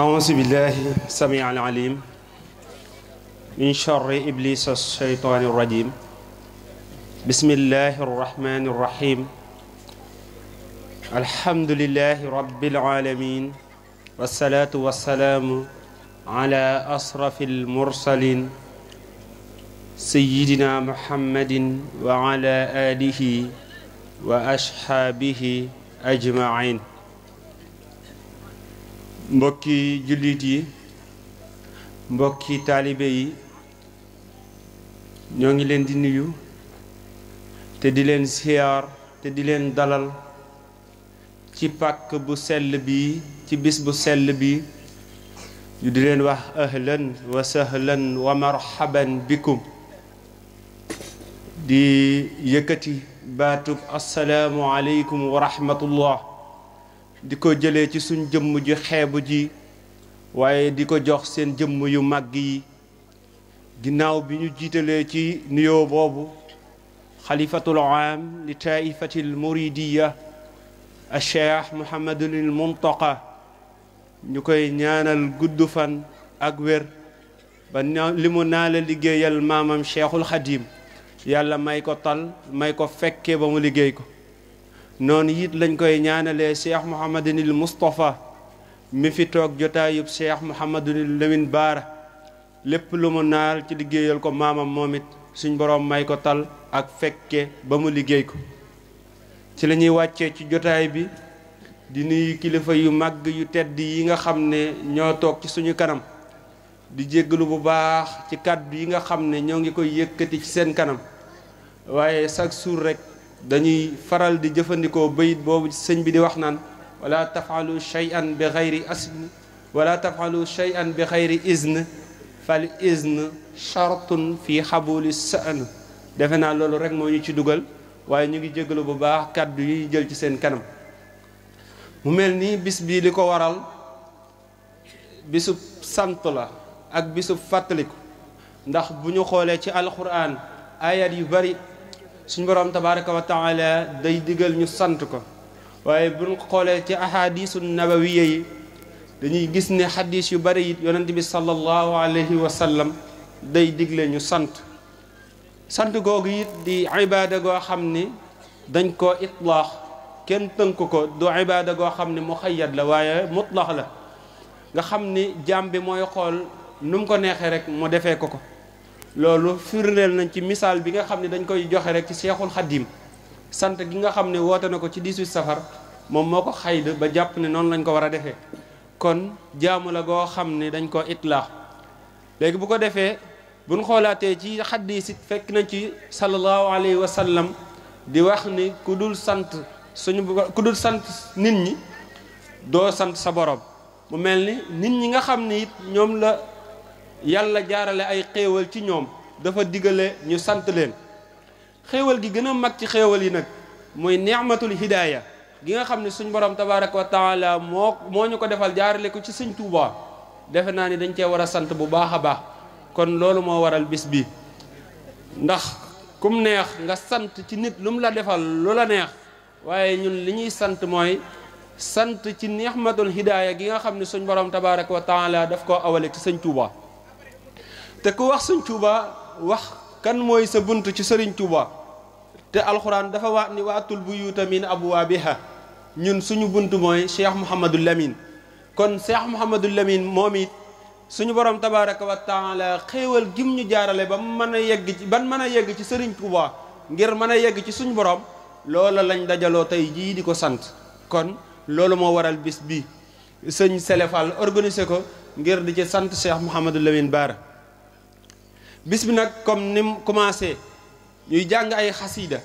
أعوذ بالله السميع العليم من شر إبليس الشيطان الرجيم بسم الله الرحمن الرحيم الحمد لله رب العالمين والصلاة والسلام على أصرف المرسلين سيدنا محمد وعلى آله وأصحابه أجمعين mbokki jullit yi mbokki taalibe yi ñoo ngi leen di nuyu te di leen siyaar te di leen dalal ci pàkk bu sell bi ci bis bu sell bi ñu di leen wax ahlan wa sahlan wa marhaban bikum di yëkkati baatub asalaamu aleykum wa rahmatullah diko jele ci suñ jëm ju xébu ji waye diko jox seen jëm yu maggi ginaaw biñu bi ci nuyoo bobu khalifatul aam li taaifatil muridiyya a cheikh muhammadul muntaqa ñu koy ñaanal gudd fan ak wér ba li mu naa la liggéeyal maamam cheikhul xadim yàlla may ko tal may ko fekke ba mu liggéey ko noonu it lañ koy ñaanalee cheikh mouhamadunil moustapha mi fi toog jotaayub cheikh mouhamadunil lamin baara lépp lu mu naal ci liggéeyal ko maamam moom it suñ boroom may ko tal ak fekke ba mu liggéey ko ci lañuy wàccee ci jotaay bi di nuyu kilifa yu màgg yu tedd yi nga xam ne ñoo toog ci suñu kanam di jéggalu bu baax ci kàddu yi nga xam ne ñoo ngi koy yëkkati ci seen kanam waaye chaque jour rek dañuy faral di jëfandikoo bayit boobu sëñ bi di wax naan wala tafalu shay'an bi ghayri asn wala tafalu shay'an bi ghayri izn fal izn shartun fi habul sa'n defena lolu rek moñu ci duggal waye ñu ngi jéggelu bu baax kàddu yi jël ci seen kanam mu melni bis bi liko waral bisub sant la ak bisub fatlik ndax buñu xolé ci alquran ayat yu bari suñu borom tabaraka wa taala day digal ñu sant ko waaye buñ xoolee ci ahadisu nabawiya yi dañuy gis ne xadis yu bari it yonent bi sallallahu alayhi wa sallam day digle ñu sant sant googu it di ibaada goo xam dañ koo itlaax kenn tënk ko du ibaada goo xam ne la waaye mutlaax la nga xam ni jaam bi mooy ko neexee rek mu defee ko ko loolu firndeel nañ ci misaal bi nga xam ne dañ koy joxe rek ci seexul xaddim sant gi nga xam ne woote na ko ci 18 safar moom moo ko xayd ba jàpp ne noonu lañ ko war a defee kon jaamu la goo xam ne dañ ko itlaax léegi bu ko defee buñ xoolaatee ci xaddiis it fekk nañ ci sallallahu alayhi wa sallam di wax ni ku dul sant suñu ku dul sant nit ñi doo sant sa boroom mu mel ni nit ñi nga xam ne it ñoom la yàlla jaarale ay xéewal ci ñoom dafa digale ñu sant leen xéewal gi gën a mag ci xéewal yi nag mooy ni'matul hidaaya gi nga xam ne suñ borom tabaaraka wa taala moo moo ñu ko defal jaarale ko ci sëñ Tuubaa defe naa ni dañ cee war a sant bu baax a baax kon loolu moo waral bis bi ndax kum neex nga sant ci nit lu mu la defal lu la neex waaye ñun li ñuy sant mooy sant ci ni'matul hidaaya gi nga xam ne suñ borom tabaaraka wa taala daf ko awale ci sëñ te ku wax sëñ Tuuba wax kan mooy sa bunt ci sëriñ Tuuba te alxuraan dafa waat ni waatul buyuuta min abwaabiha ñun suñu bunt mooy Cheikh Mouhamadul Lamine kon Cheikh Mouhamadul Lamine moom it suñu borom tabaaraka wa taala xéewal gim ñu jaarale ba mën a yegg ci mën a yegg ci sëriñ Tuuba ngir mën a yegg ci suñu borom loola lañ dajaloo tey jii di ko sant kon loolu moo waral bis bi sëñ Selefal organisé ko ngir di ci sant Cheikh Mouhamadul Lamine Baara bis bi nag comme ni mu commencé ñuy jàng ay xasiida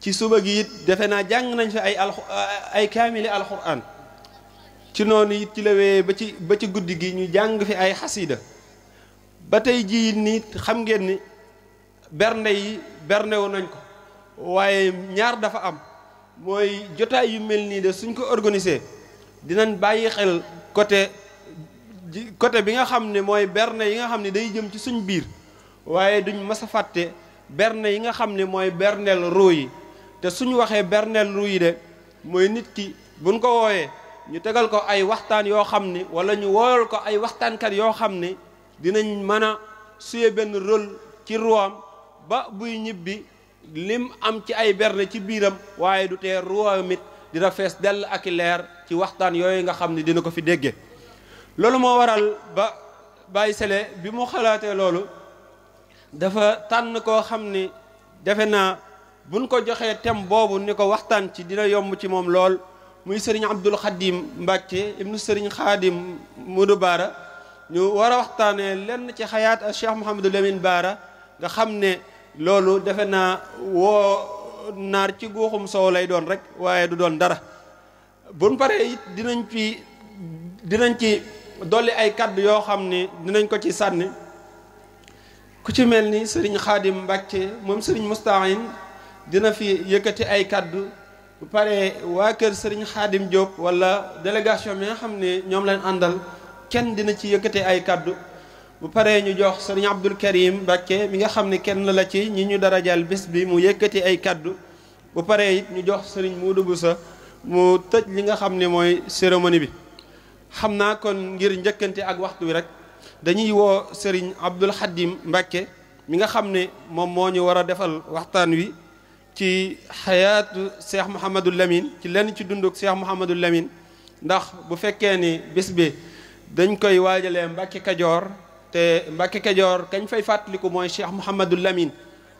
ci suba gi it defe naa jàng nañ fi ay alxu ay kaamili alxuraan ci noonu it ci la wéyee ba ci ba ci guddi gi ñu jàng fi ay xasiida ba tey jii nii xam ngeen ni bernde yi bernde wu nañ ko waaye ñaar dafa am mooy jotaay yu mel nii de suñ ko organisé dinañ bàyyi xel côté ji côté bi nga xam ne mooy berne yi nga xam ne day jëm ci suñ biir waaye duñ mas a fàtte berne yi nga xam ne mooy berneel ruu yi te suñu waxee berneel ruu yi de mooy nit ki buñ ko wooyee ñu tegal ko ay waxtaan yoo xam ne wala ñu wooyal ko ay waxtaankat yoo xam ne dinañ mën a suyee benn rôle ci ruwaam ba buy ñibbi lim am ci ay berne ci biiram waaye du tee ruwaam it dina fees dell ak i leer ci waxtaan yooyu nga xam ne dina ko fi dégge loolu moo waral ba Baye Sélé bi mu xalaatee loolu dafa tànn koo xam ni defe naa buñ ko joxee thème boobu ni ko waxtaan ci dina yomb ci moom lool muy sëriñ Abdul Xadim Mbàkke ibnu sëriñ Xadim Mudu Baara ñu war a waxtaanee lenn ci xayaat ak Cheikh Mouhamadou Lamine Baara nga xam ne loolu defe naa woo naar ci guuxum soow lay doon rek waaye du doon dara buñ paree it dinañ fi dinañ ci dolli ay kàddu yoo xam ne dinañ ko ci sànni ku ci mel ni sëriñ xaadim Mbàkke moom sëriñ Mustaahin dina fi yëkkati ay kàddu bu paree waa kër sëriñ xaadim Diop wala délégation bi nga xam ne ñoom lañ àndal kenn dina ci yëkkati ay kàddu bu paree ñu jox sëriñ Abdul Karim Mbàkke mi nga xam ne kenn la ci ñi ñu darajal bés bi mu yëkkati ay kàddu bu paree ñu jox sëriñ Muudu Busa mu tëj li nga xam ne mooy cérémonie bi xam naa kon ngir njëkkante ak waxtu wi rek dañuy woo sëriñ Abdul Xadim Mbàkke mi nga xam ne moom moo ñu war a defal waxtaan wi ci xayaatu seex Muhammadul Lamin ci lenn ci dunduk seex Muhammadul Lamin ndax bu fekkee ni bés bi dañ koy waajale Mbàkke Kajoor te Mbàkke Kajoor kañ fay fàttaliku mooy seex Muhammadul Lamin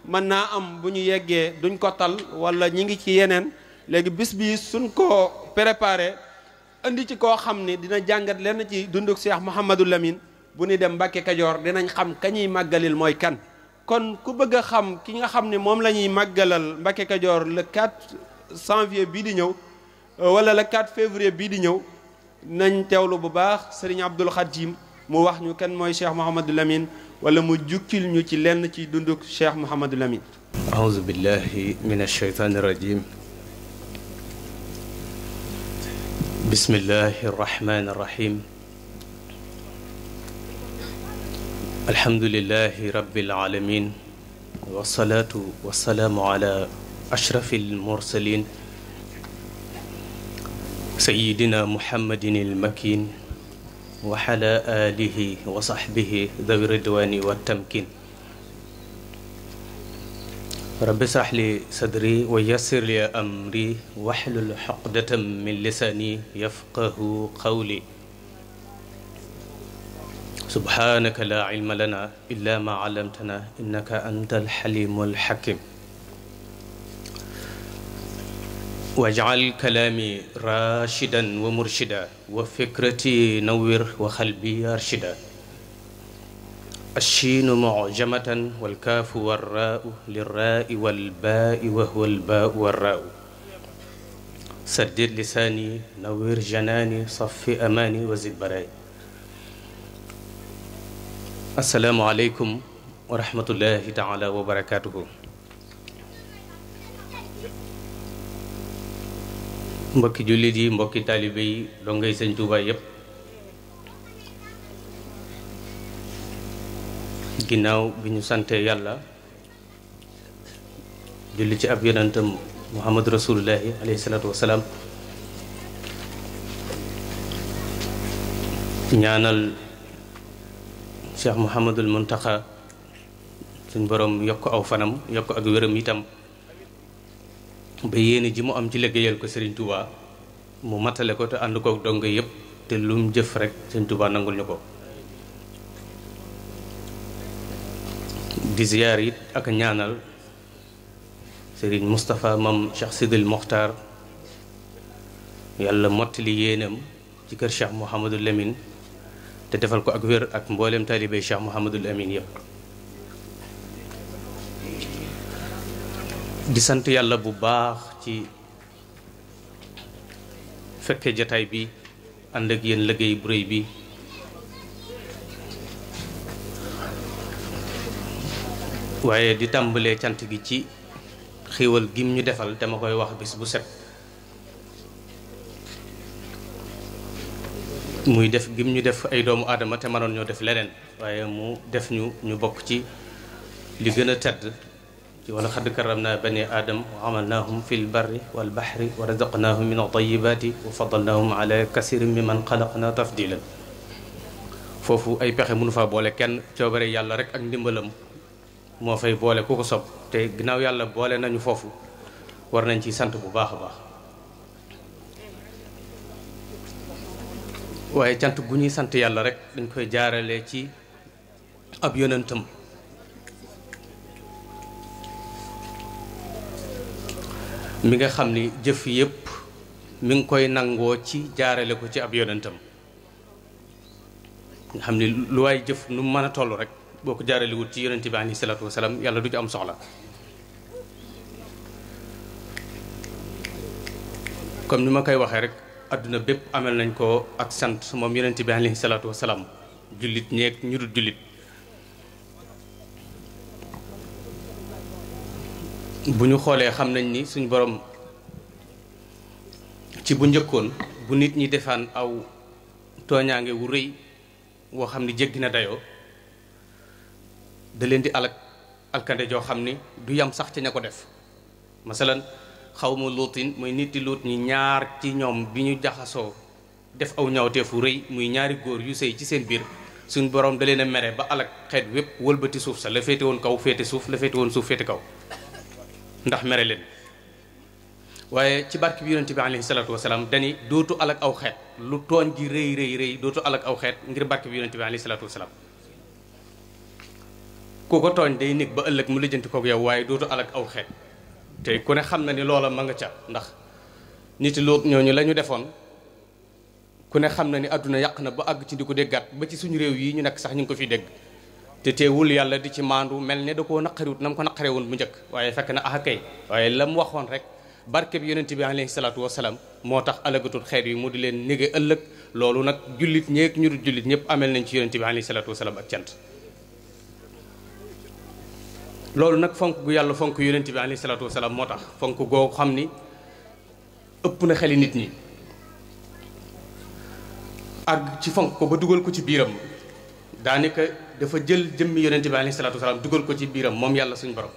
mën naa am bu ñu yeggee duñ ko tal walla ñi ngi ci yeneen léegi bis bi suñ ko préparé andi ci koo xam ne dina jàngat lenn ci dunduk Cheikh Mouhamadou Lamine bu ni dem Mbàkke Kajoor dinañ xam ka ñuy màggalil mooy kan kon ku bëgg a xam ki nga xam ne moom la ñuy màggalal Mbàkke Kajoor la 4 janvier bii di ñëw euh, wala la 4 février bii di ñëw nañ teewlu bu baax Serigne Abdoul Khadim mu wax ñu kenn mooy Cheikh Mouhamadou Lamine wala mu jukkil ñu ci lenn ci dunduk Cheikh Mouhamadou Lamine. aouzu بسم الله الرحمن الرحيم الحمد لله رب العالمين والصلاة والسلام على أشرف المرسلين سيدنا محمد المكين وحلى آله وصحبه ذوي الرضوان والتمكين رب اشرح لي صدري ويسر لي امري واحلل عقدة من لساني يفقه قولي سبحانك لا علم لنا الا ما علمتنا انك انت الحليم الحكيم واجعل كلامي راشدا ومرشدا وفكرتي نور وقلبي ارشدا الشين معجمة والكاف والراء للراء والباء وهو الباء والراء سدد لساني نوّر جناني صف أماني وزد برائي السلام عليكم ورحمة الله تعالى وبركاته مبكي جولي دي مبكي taalibe yi dongay Sëñ Tuuba ginnaaw bi ñu santee yàlla julli ci ab yonentam muhammad rasulullahi alayhi salaatu wasalaam ñaanal cheikh muhammadul muntaxa suñ borom yokk aw fanam yokk ak wéram itam ba yéene ji mu am ci liggéeyal ko sëriñ Touba mu matale ko te ànd kook dong yëpp te lum jëf rek sëriñ Touba nangul ñu ko di ziar yi ak ñaanal sëriñ mustapha mam Cheikh Sidil Mokhtar yàlla motli yéenam ci keur Cheikh Mouhamadul lamine te defal ko ak wér ak mbollem talibé Cheikh Mouhamadul Amin yëpp di sant yàlla bu baax ci fekke jotaay bi ànd ak yéen liggey bu reuy bi waye di tambalé cyant gi ci xewal gim ñu defal té makoy wax bis bu set muy def gim ñu def ay doomu adama te manon ñoo def leneen waye mu def ñu ñu bok ci li gëna tedd ci wala xadd karamna bani adam wa amalnahum fil barri wal bahri wa razaqnahum min at-tayyibati wa fadalnaahum ala kaseerin mimman khalaqna tafdila fofu ay pexe mënu fa bolé kenn coobare yàlla rek ak ndimbalam moo fay boole ku ko sob te ginnaaw yàlla boole nañu foofu war nañ ci sant bu baax a baax waaye cant gu ñuy sant yàlla rek dañ koy jaarale ci ab yonentam mi nga xam ni jëf yépp mi ngi koy nangoo ci jaarale ko ci ab yonentam nga xam ni lu waay jëf nu mën a toll rek boko ko jaarale wut ci yaronte bi alayhi salaatu wasalaam yalla du ci am soxla comme nima kay waxe rek aduna bepp amel nañ ko ak sante mom yaronte bi alayhi salaatu wasalaam julit ñek ñu dul julit buñu xolé xam nañ ni suñu borom ci bu njëkkoon bu nit ñi defaan aw toñangé wu reuy wo xamni ni dayo da leen di alak alkande joo xam ni du yam sax ci ña ko def masalan xawma luutin muy nit di luut ñi ñaar ci ñoom bi ñu jaxasoo def aw ñawteefu rëy muy ñaari góor yu sëy ci seen biir suñ borom da leen a mere ba alak xeet wépp wëlbati suuf sa la féete woon kaw féete suuf la féete woon suuf féete kaw ndax mere leen waaye ci barke bi yonente bi alayhi salaatu wasalaam dani dootu alak aw xeet lu tooñ gi rëy rëy rëy dootu alak aw xeet ngir barke bi yonente bi alayhi salaatu wasalaam ku ko tooñ day nekk ba ëllëg mu lijjanti kook yow waaye dootu alak aw xeet te ku ne xam na ni loola ma nga ca ndax niti loot ñooñu la ñu defoon ku ne xam na ni àdduna yàq na ba àgg ci di ko déggaat ba ci suñu réew yi ñu nekk sax ñu ngi ko fiy dégg te teewul yàlla di ci maandu mel ne da koo naqariwut na mu ko naqarewoon bu njëkk waaye fekk na ah kay waaye la mu waxoon rek barke bi yonente bi alayhi salaatu wasalaam moo tax alagatul xeet yi mu di leen nige ëllëg loolu nag jullit ñeeg ñu jullit ñëpp amel nañ ci yonente bi alayhi salaatu wasalaam cant loolu nag fonk gu yàlla fonk yonent bi alayhi salaatu wasalaam moo tax fonk goo xam ni ëpp na xeli nit ñi ak ci fonk ko ba dugal ko ci biiram daanaka dafa jël jëmmi yonent bi alayhi salaatu wasalaam dugal ko ci biiram moom yàlla suñ borom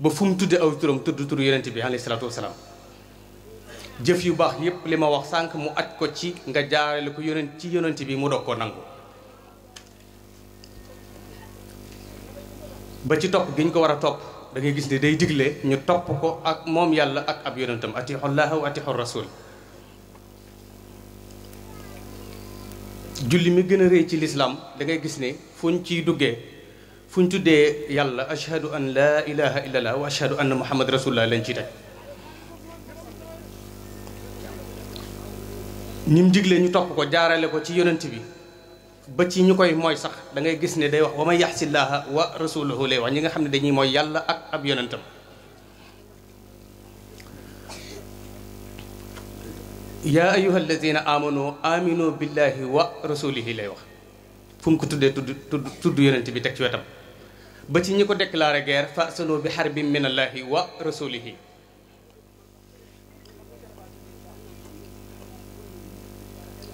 ba fu mu tudde aw turam tudd turu yonent bi alayhi salaatu wasalaam jëf yu baax yépp li ma wax sànq mu at ko ci nga jaarale ko yonent ci yonent bi mu dog ko nangu ba ci topp gi ñu ko war a topp dangay gis ne day digle ñu topp ko ak moom yàlla ak ab yonentam atixullaha wa atixu rasul julli mi gën a rëy ci lislaam dangay gis ni fu ñu ciy duggee fu ñu tuddee yàlla ashhadu an laa ilaha illallah wa ashhadu anna muhammad rasulullah lañ ciy teg ñim digle ñu topp ko jaarale ko ci yonent bi bët yi ñu koy mooy sax da ngay gis ni day wax wa may yaxsillaaha wa rasulahu lay wax ñi nga xam ne dañuy mooy yàlla ak ab yonentam yaa ayuha alladina amanu aminu billahi wa rasulihi lay wax fu mu ko tuddee tudd tudd tudd yonent bi teg ci wetam ba ci ñu ko déclaré guerre fasano bi xarbin min allahi wa rasulihi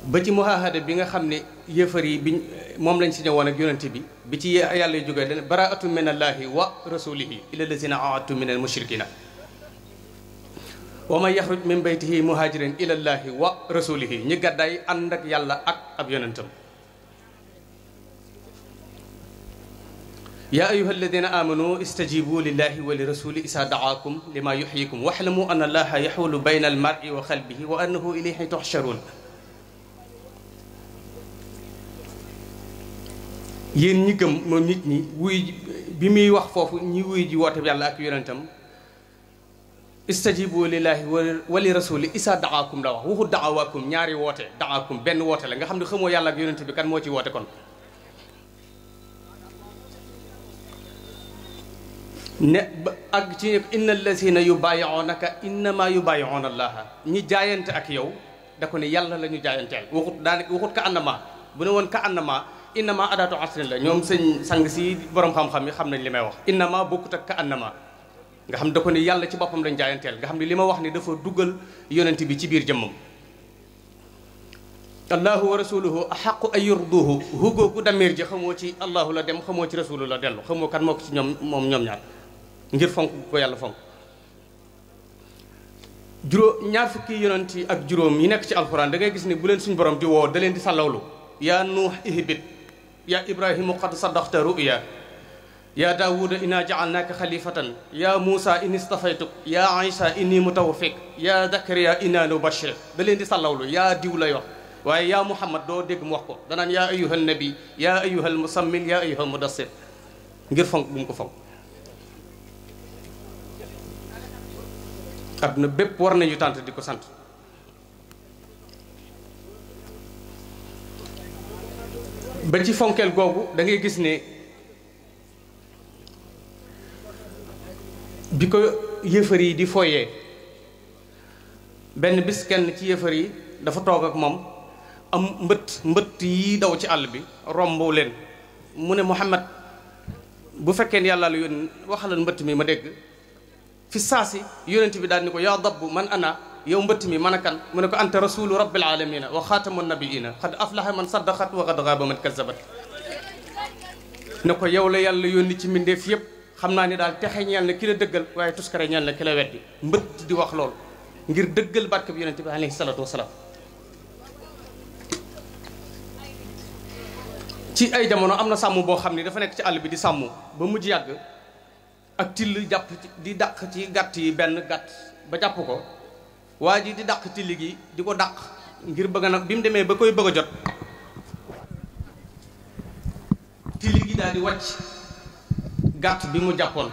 ba ci muhaahada bi nga xam ne yëfar yi bi moom lañ signé woon ak yonente bi bi ci yàlla jógee dana baraatu min allahi wa rasulihi ila lazina aatu min al mushrikina wa man yaxruj min baytihi muhaajirin ila allahi wa rasulihi ñi gàddaay ànd ak yàlla ak ab yonentam يا أيها الذين آمنوا استجيبوا لله ولرسوله إذا دعاكم لما يحييكم واعلموا أن الله يحول بين المرء وقلبه وأنه إليه تحشرون yéen ñi gëm moom nit ñi wuy bi muy wax foofu ñi wuy ji woote yàlla ak yonentam istajibu lillahi wali rasuli isa daakum la wax waxu daawaakum ñaari woote daakum benn woote la nga xam ne xamoo yàlla ak yonent bi kan moo ci woote kon ne ak ci ñëpp inna allazina yubayiunaka innama yubayiuna allaha ñi jaayante ak yow da ko ne yàlla la ñu jaayanteel waxut daanaka waxut ka annama bu ne woon ka annama innama adaatu asrin la ñoom sëñ sang si borom xam-xam yi xam nañ li may wax innama bokkut ak ka annama nga xam da ko ni yàlla ci boppam lañ jaayanteel nga xam ne li ma wax ni dafa duggal yonent bi ci biir jëmmam allahu wa rasuluhu axaqu ay yurduhu hugooku damir ji xamoo ci allahu la dem xamoo ci rasulu la dellu xamoo kan moo ko ci ñoom moom ñoom ñaar ngir fonk ko yàlla fonk juróom ñaar fukki yonent yi ak juróom yi nekk ci alxuraan da ngay gis ni bu leen suñu borom woo da leen di sàllawlu yaa ibrahimu qad saddaxta ru'ya yaa daawuda inaa jacalnaaka xalifatan yaa muusa ini stafaytuk yaa aysa ini mutawafik yaa zakariya inaa nubashir da di sallawlu yaa diw la waaye yaa muhammad doo dégg mu wax ko danaan yaa ayuhal nabi yaa ayuhal musammin yaa ayuhal mudassir ngir fonk bu ko fonk adduna bépp war nañu tànt di ko sant ba ci fonkeel googu dangay gis ne bi ko yëfar yi di foyee benn bis kenn ci yëfar yi dafa toog ak moom am mbëtt mbëtt yi daw ci àll bi romb leen mu ne Muhammad bu fekkee ne yàlla waxalal mbëtt mi ma dégg fi saasi yónent bi daal ni ko yaa dabb man ana yow mbëtt mi man a kan mu ne ko anta rasulu rabbil alamina wa xaatamu nabiina xad aflaha man saddaqat wa xad xaaba man kazabat ne ko yow la yàlla yónni ci mbindeef yëpp xam naa ne daal texe ñeel na ki la dëggal waaye tuskare ñeel na ki la weddi mbëtt di wax loolu ngir dëggal barke bi yonente bi alayhi salatu wasalaam ci ay jamono am na sàmm boo xam ne dafa nekk ci àll bi di sàmm ba mujj yàgg ak till jàpp di dàq ci gàtt yi benn gàtt ba jàpp ko waa ji di daq tilli gi di ko dàq ngir bëgg nag bi mu demee ba koy bëgg a jot tilli gi daal di wàcc gàtt bi mu jàppoon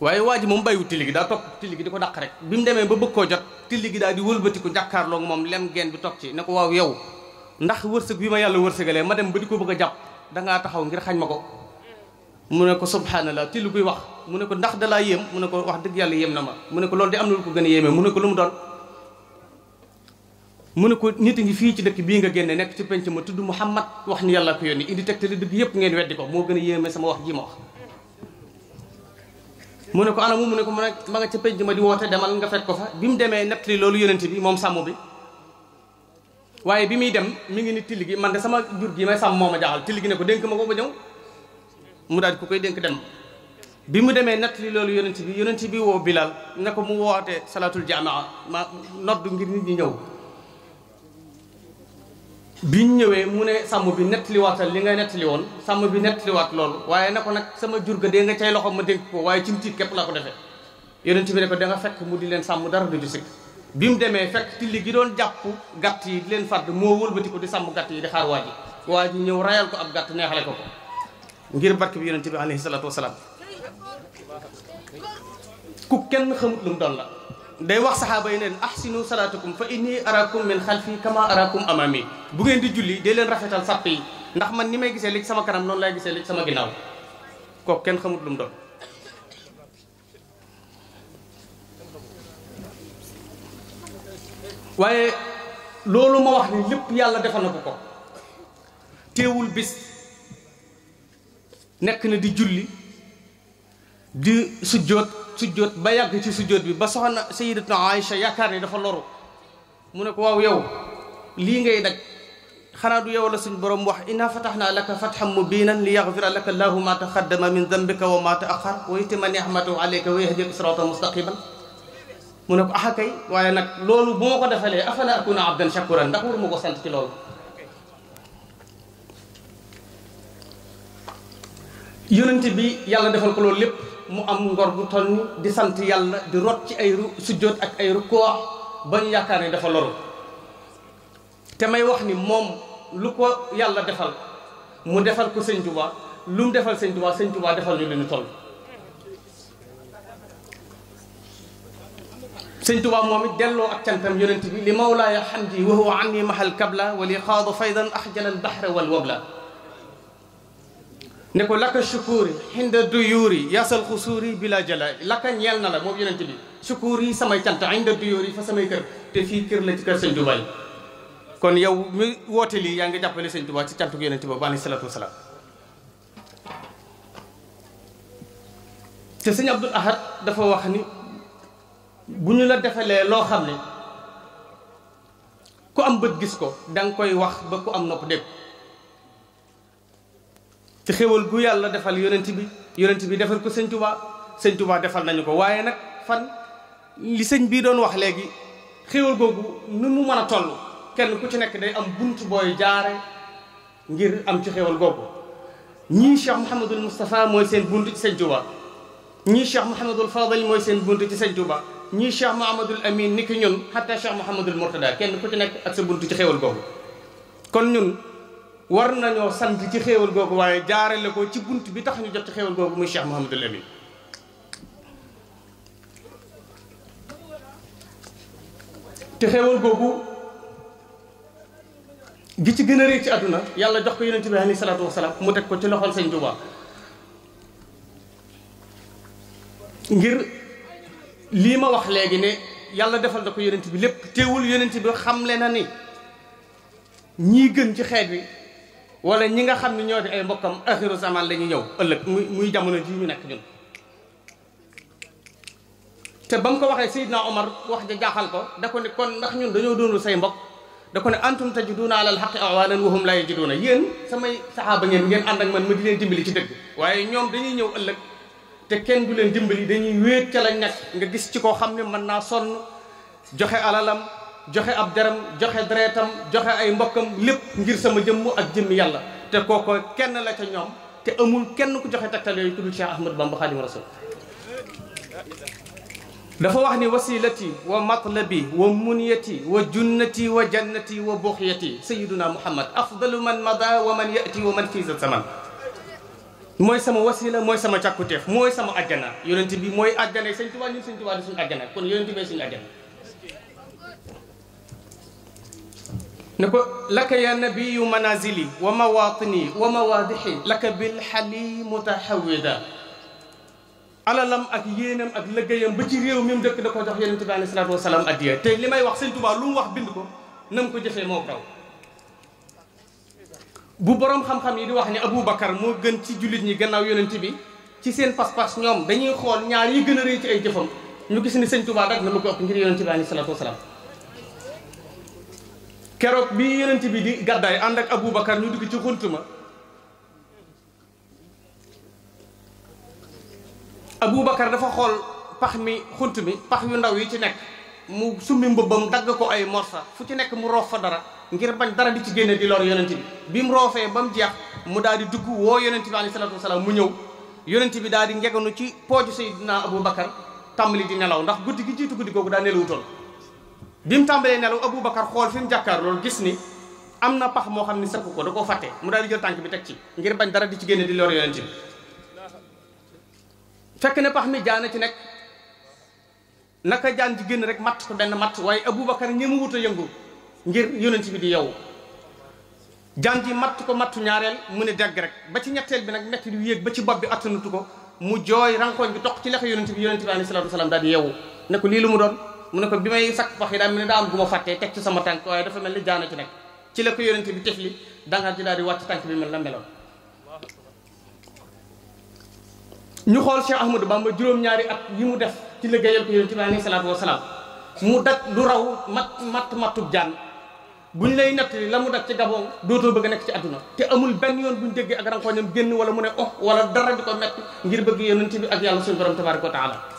waaye waa ji moom bàyyiwu tilli gi daa topp tilli gi di ko dàq rek bi mu demee ba bëgg koo jot tilli gi daal di wëlbatiku jàkkaarloog moom lem geen bi toog ci ne ko waaw yow ndax wërsëg bi ma yàlla wërsëgalee ma dem ba di ko bëgg a jàpp dangaa taxaw ngir xañ ma ko mu ne ko subhanallah till buy wax mu ne ko ndax dalaa yéem mu ne ko wax dëgg yàlla yéem na ma mu ne ko loolu de am na ko gën a yéeme mu ne ko lu mu doon mu ngi fii ci dëkk bii nga génne nekk ci penc ma tudd Muhammad wax ni yàlla ko yónni indi tegtali dëgg yëpp ngeen weddi ko moo gën a yéeme sama wax ji ma wax mu ne ko anamu mu ne ko mu ma nga ca penc ma di woote demal nga fekk ko fa bi mu demee nettali loolu yonent bi moom sàmm bi waaye bi muy dem mi ngi ni till gi man de sama jur gi may sàmm moo ma jaaxal till gi ne ko dénk ma ko ba ñëw mu daal ku koy dénk dem bi mu demee natt li loolu yonent bi yonent bi woo Bilal ne ko mu woote salaatul jamaa a nodd ngir nit ñi ñëw bi ñu ñëwee mu ne sàmm bi nettaliwaatal li ngay nettali woon sàmm bi nett nettaliwaat loolu waaye ne ko nag sama jur ga dee nga cay loxo ma dénk ko waaye ci mu tiit képp laa ko defee yonent bi ne ko da nga fekk mu di leen sàmm dara du di sikk bi mu demee fekk tilli gi doon jàpp gàtt yi di leen fàdd moo wëlbati ko di sàmm gàtt yi di waa ji ñëw rayal ko ab gàtt neexale ko ko ngir barke bi yonente bi alayhi salaatu wasalaam ku kenn xamut lu doon la day wax saxaaba yi neen ahsinu salaatakum fa inni arakum min xalfi kama arakum amami bu ngeen di julli day leen rafetal sàpp yi ndax man ni may gise léegi sama kanam noonu laay gisee léegi sama ginnaaw kooku kenn xamut lu mu doon waaye loolu ma wax ni lépp yàlla defal na ko ko bis nekk na di julli di sujjóot sujjóot ba yàgg ci sujjóot bi ba soxna sayyidatuna Aïcha yaakaar i dafa loru mu ne ko waaw yow lii ngay daj xanaa du yow la suñ borom wax inna fatahnaa laka fathan mubiinan li yaghfira laka llaahu maa taqaddama min dambika wa maa ta'akhkhara wa yutimma ni'matahu alayka wa yahdiyaka siraatan mustaqiiman mu ne ko axa kay waaye nag loolu bu ma ko defalee afalaa akuuna abdan shakuuran war waruma ko sant ci loolu yonente bi yàlla defal ko loolu lépp mu am ngor bu toll di sant yàlla di rot ci ay ru ak ay rukkoo ba ñu yaakaar ne dafa loru te may wax ni moom lu ko yàlla defal mu defal ko sëñ Tuubaa lu mu defal sëñ Tuubaa sëñ Tuubaa defal ñu lu ñu toll sëñ Tuubaa moom it delloo ak cantam yonente bi li mawlaaya xamdi wa huwa anni mahal kabla wa li xaada faydan axjala al bahra wal wabla ne ko lakka shukuuri hinda duyuuri yasal xusuuri bila jala lakka ñeel na la moom yonent bi shukuur yi samay cant hinda yi fa samay kër te fii kër la ci kër sëñ Tuubaa kon yow mi woote lii yaa ngi jàppale sëñ Tuubaa ci cantuk yonent boobu alayhi salaatu wasalaam te sëñ Abdul Ahad dafa wax ni bu ñu la defalee loo xam ne ku am bët gis ko danga koy wax ba ku am nopp dégg ci xéwal gu yàlla defal yonent bi yonent bi defal ko sëñ tubaa sëñ tubaa defal nañu ko waaye nag fan li sëñ bii doon wax léegi xéwal googu nu mu mën a toll kenn ku ci nekk day am buntu booy jaare ngir am ci xéwal googu ñii Cheikh Mouhamadul Moustapha mooy seen buntu ci sëñ tubaa ñii Cheikh Mouhamadul Fadal mooy seen buntu ci sëñ tubaa ñii Cheikh Mouhamadul Amin ni ki ñun xataa Cheikh Mouhamadul Mourtada kenn ku ci nekk ak sa buntu ci xéwal googu kon war nañoo sant ci xéewal googu waaye jaarale ko ci bunt bi tax ñu jot ci xéewal googu muy Cheikh Mouhamadul Amin te xéewal googu gi ci gën a réy ci àdduna yàlla jox ko yonent bi alayhi salaatu wasalaam mu teg ko ci loxol sëñ Tuubaa ngir lii ma wax léegi ne yàlla defal na ko yonent bi lépp teewul yonent bi xamle na ni ñii gën ci xeet wi wala ñi nga xam ne ñoo di ay mbokkam axiru zaman la ñu ñëw ëllëg muy jamono ji ñu nekk ñun te ba mu ko waxee Seydina Omar wax ja jaaxal ko da ko ne kon ndax ñun dañoo doonul say mbokk da ko ne antum tajiduna alal xaqi awaanan wahum laa yajiduna yéen samay saxaaba ngeen ngeen ànd ak man ma di leen dimbali ci dëgg waaye ñoom dañuy ñëw ëllëg te kenn du leen dimbali dañuy wéet ca lañ nga gis ci koo xam ne mën naa sonn joxe alalam joxe ab deram joxe deretam joxe ay mbokam lépp ngir sama jëm ak jëm yàlla te koko kenn la ca ñom te amul kenn ku joxe tegtal yooyu tudd Cheikh ahmed Bamba khadim Rasul dafa wax ni wasilati wa matlabi wa munyati wa junnati wa jannati wa bukhyati sayyiduna muhammad afdalu man mada wa man yati wa man fiisa zaman moy sama wasila moy sama càkkuteef moy sama aljana yonent bi moy aljana seigne touba ñun seigne touba du sun aljana kon yonent bi suñu aljana نكو لك يا نبي منازلي ومواطني ومواضحي لك بالحليم متحودا على لم اكيينم اك لغيام با تي ريو ميم دك دكو جوخ يونس تبارك الله والسلام اديا تي لي ماي واخ سين توبا لوم واخ بيندكو نمكو جيفه مو كاو بو بروم خام خام يدي واخني ابو بكر مو گن تي جوليت ني گناو يونس تبي تي سين فاس فاس نيوم داني خول ñaar yi gëna reey ci ay jëfam ñu gis ni señ touba dag na ma ko ak ngir yonentiba ali sallallahu alayhi wasallam keroog bi yonent bi di gàddaay ànd ak Aboubacar ñu dugg ci xunt ma Aboubacar dafa xool pax mi xunt mi pax yu ndaw yi ci nekk mu summi mbubbam dagg ko ay morsa fu ci nekk mu roof fa dara ngir bañ dara di ci génne di lor yonent bi bi mu roofee ba mu jeex mu daal di dugg woo yonent bi alayhi salaatu wasalaam mu ñëw yonent bi daal di ngeganu ci pooju Seydina Aboubacar tàmbali di nelaw ndax guddi gi jiitu guddi googu daa nelawutoon bi mu tàmbalee nelaw Aboubacar xool fi mu jàkkaar loolu gis ni am na pax moo xam ne sakku ko da koo fàtte mu daal di jël tànk bi teg ci ngir bañ dara di ci génne di lor yonent bi fekk ne pax mi jaana ci nekk naka jaan ji génn rek matt ko benn matt waaye Aboubacar ñi mu wut a yëngu ngir yonent bi di yow jaan ji matt ko mattu ñaareel mu ne degg rek ba ci ñetteel bi nag mett du yéeg ba ci bopp bi attanatu ko mu jooy rankooñ bi toq ci lex yonent bi yonent lii lu mu doon mu ne ko bi may sakk wax yi daa mel ni daa am gu ma fàttee teg ci sama tànk waaye dafa mel ni jaana ci nekk ci la ko yonente bi tefli dangal ci daal di wàcc tànk bi mel na meloon ñu xool Cheikh Ahmadou Bamba juróom-ñaari at yi mu def ci liggéeyal ko yonente bi alayhi salaatu wasalaam mu daj lu raw mat mat matub jaan ñu lay nettali la mu daj ci Gabon dootoo bëgg a nekk ci àdduna te amul benn yoon buñ déggee ak rankoñam génn wala mu ne oh wala dara di ko metti ngir bëgg yonente bi ak yàlla suñu borom tabaraka wa taala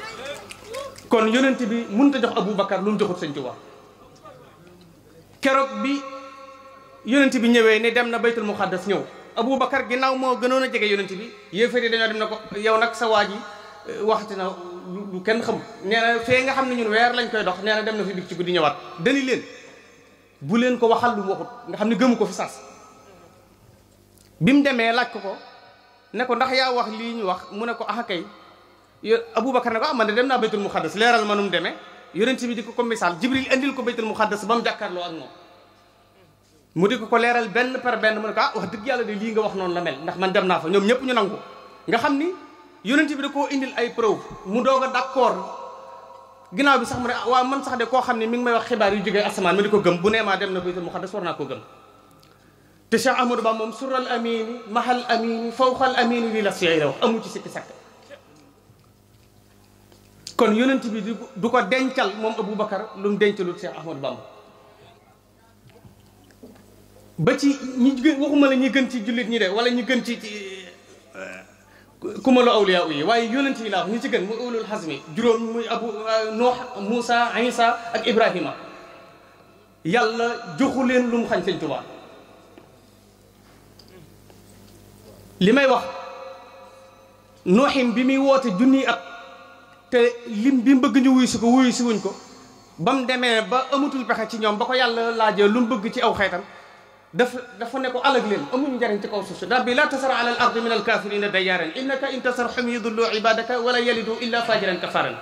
kon yonent bi mënut a jox Aboubacar lu mu joxut Sëñ Tuubaa keroog bi yonent bi ñëwee ne dem na baytul muqaddas ñëw abu Aboubacar ginnaaw moo gënoon a jege yonent bi yéefar yi dañoo dem na ko yow nag sa waa ji eh, waxati na lu kenn xamul nee na fee nga xam ne ñun weer lañ koy dox nee na dem na fi dikk ci guddi ñëwaat dani leen bu leen ko waxal lu mu waxut nga xam ne gëmu ko fi sas bi mu demee lakk ko ko ne ko ndax yaa wax lii ñu wax mu ne ko ah kay yo aboubacar ne ko ah man de dem naa baytul muxaddas leeral ma nu mu demee yonent bi di ko ko misaal jibril indil ko baytul muxaddas ba mu ak moom mu di ko ko leeral benn par benn mu ne ah wax dëgg yàlla de lii nga wax noonu la mel ndax man dem naa fa ñoom ñëpp ñu nangu nga xam ni yonent bi da koo indil ay preuve mu doog a d'accord ginnaaw bi sax mu ne ah, waaw man sax de koo xam ne mu ngi may wax xibaar yu jógee asamaan ma di ko gëm bu nee maa dem na ko gëm te Cheikh Ahmadou Ba moom sural amini mahal amini fawqal amini lii la siyay la wax amu ci sikki sakk kon yonent bi du ko dencal moom Aboubacar lu mu dencalut Cheikh Ahmadou Bamba ba ci ñi gën waxuma ñi gën ci jullit ñi de wala ñi gën ci eh, kumalu awliyaa yi waaye yonent yi laa wax ñi ci gën muy ulul xasmi juróom muy abu eh, noox Moussa Isa ak Ibrahima yàlla joxu leen lu mu xañ Sëñ Tuubaa li may wax nooxim bi muy woote junniy at te lim bi mu bëgg ñu wuyu si ko wuyu si wuñ ko ba mu demee ba amatul pexe ci ñoom ba ko yàlla laajee lu mu bëgg ci aw xeetam daf dafa ne ko alag leen amuñ njariñ ci kaw suuf si rabbi laa tasar ala al ardi min al kafirina dayyaaran innaka in tasarhum yudullu ibadaka wala yalidu illa fajiran kafaran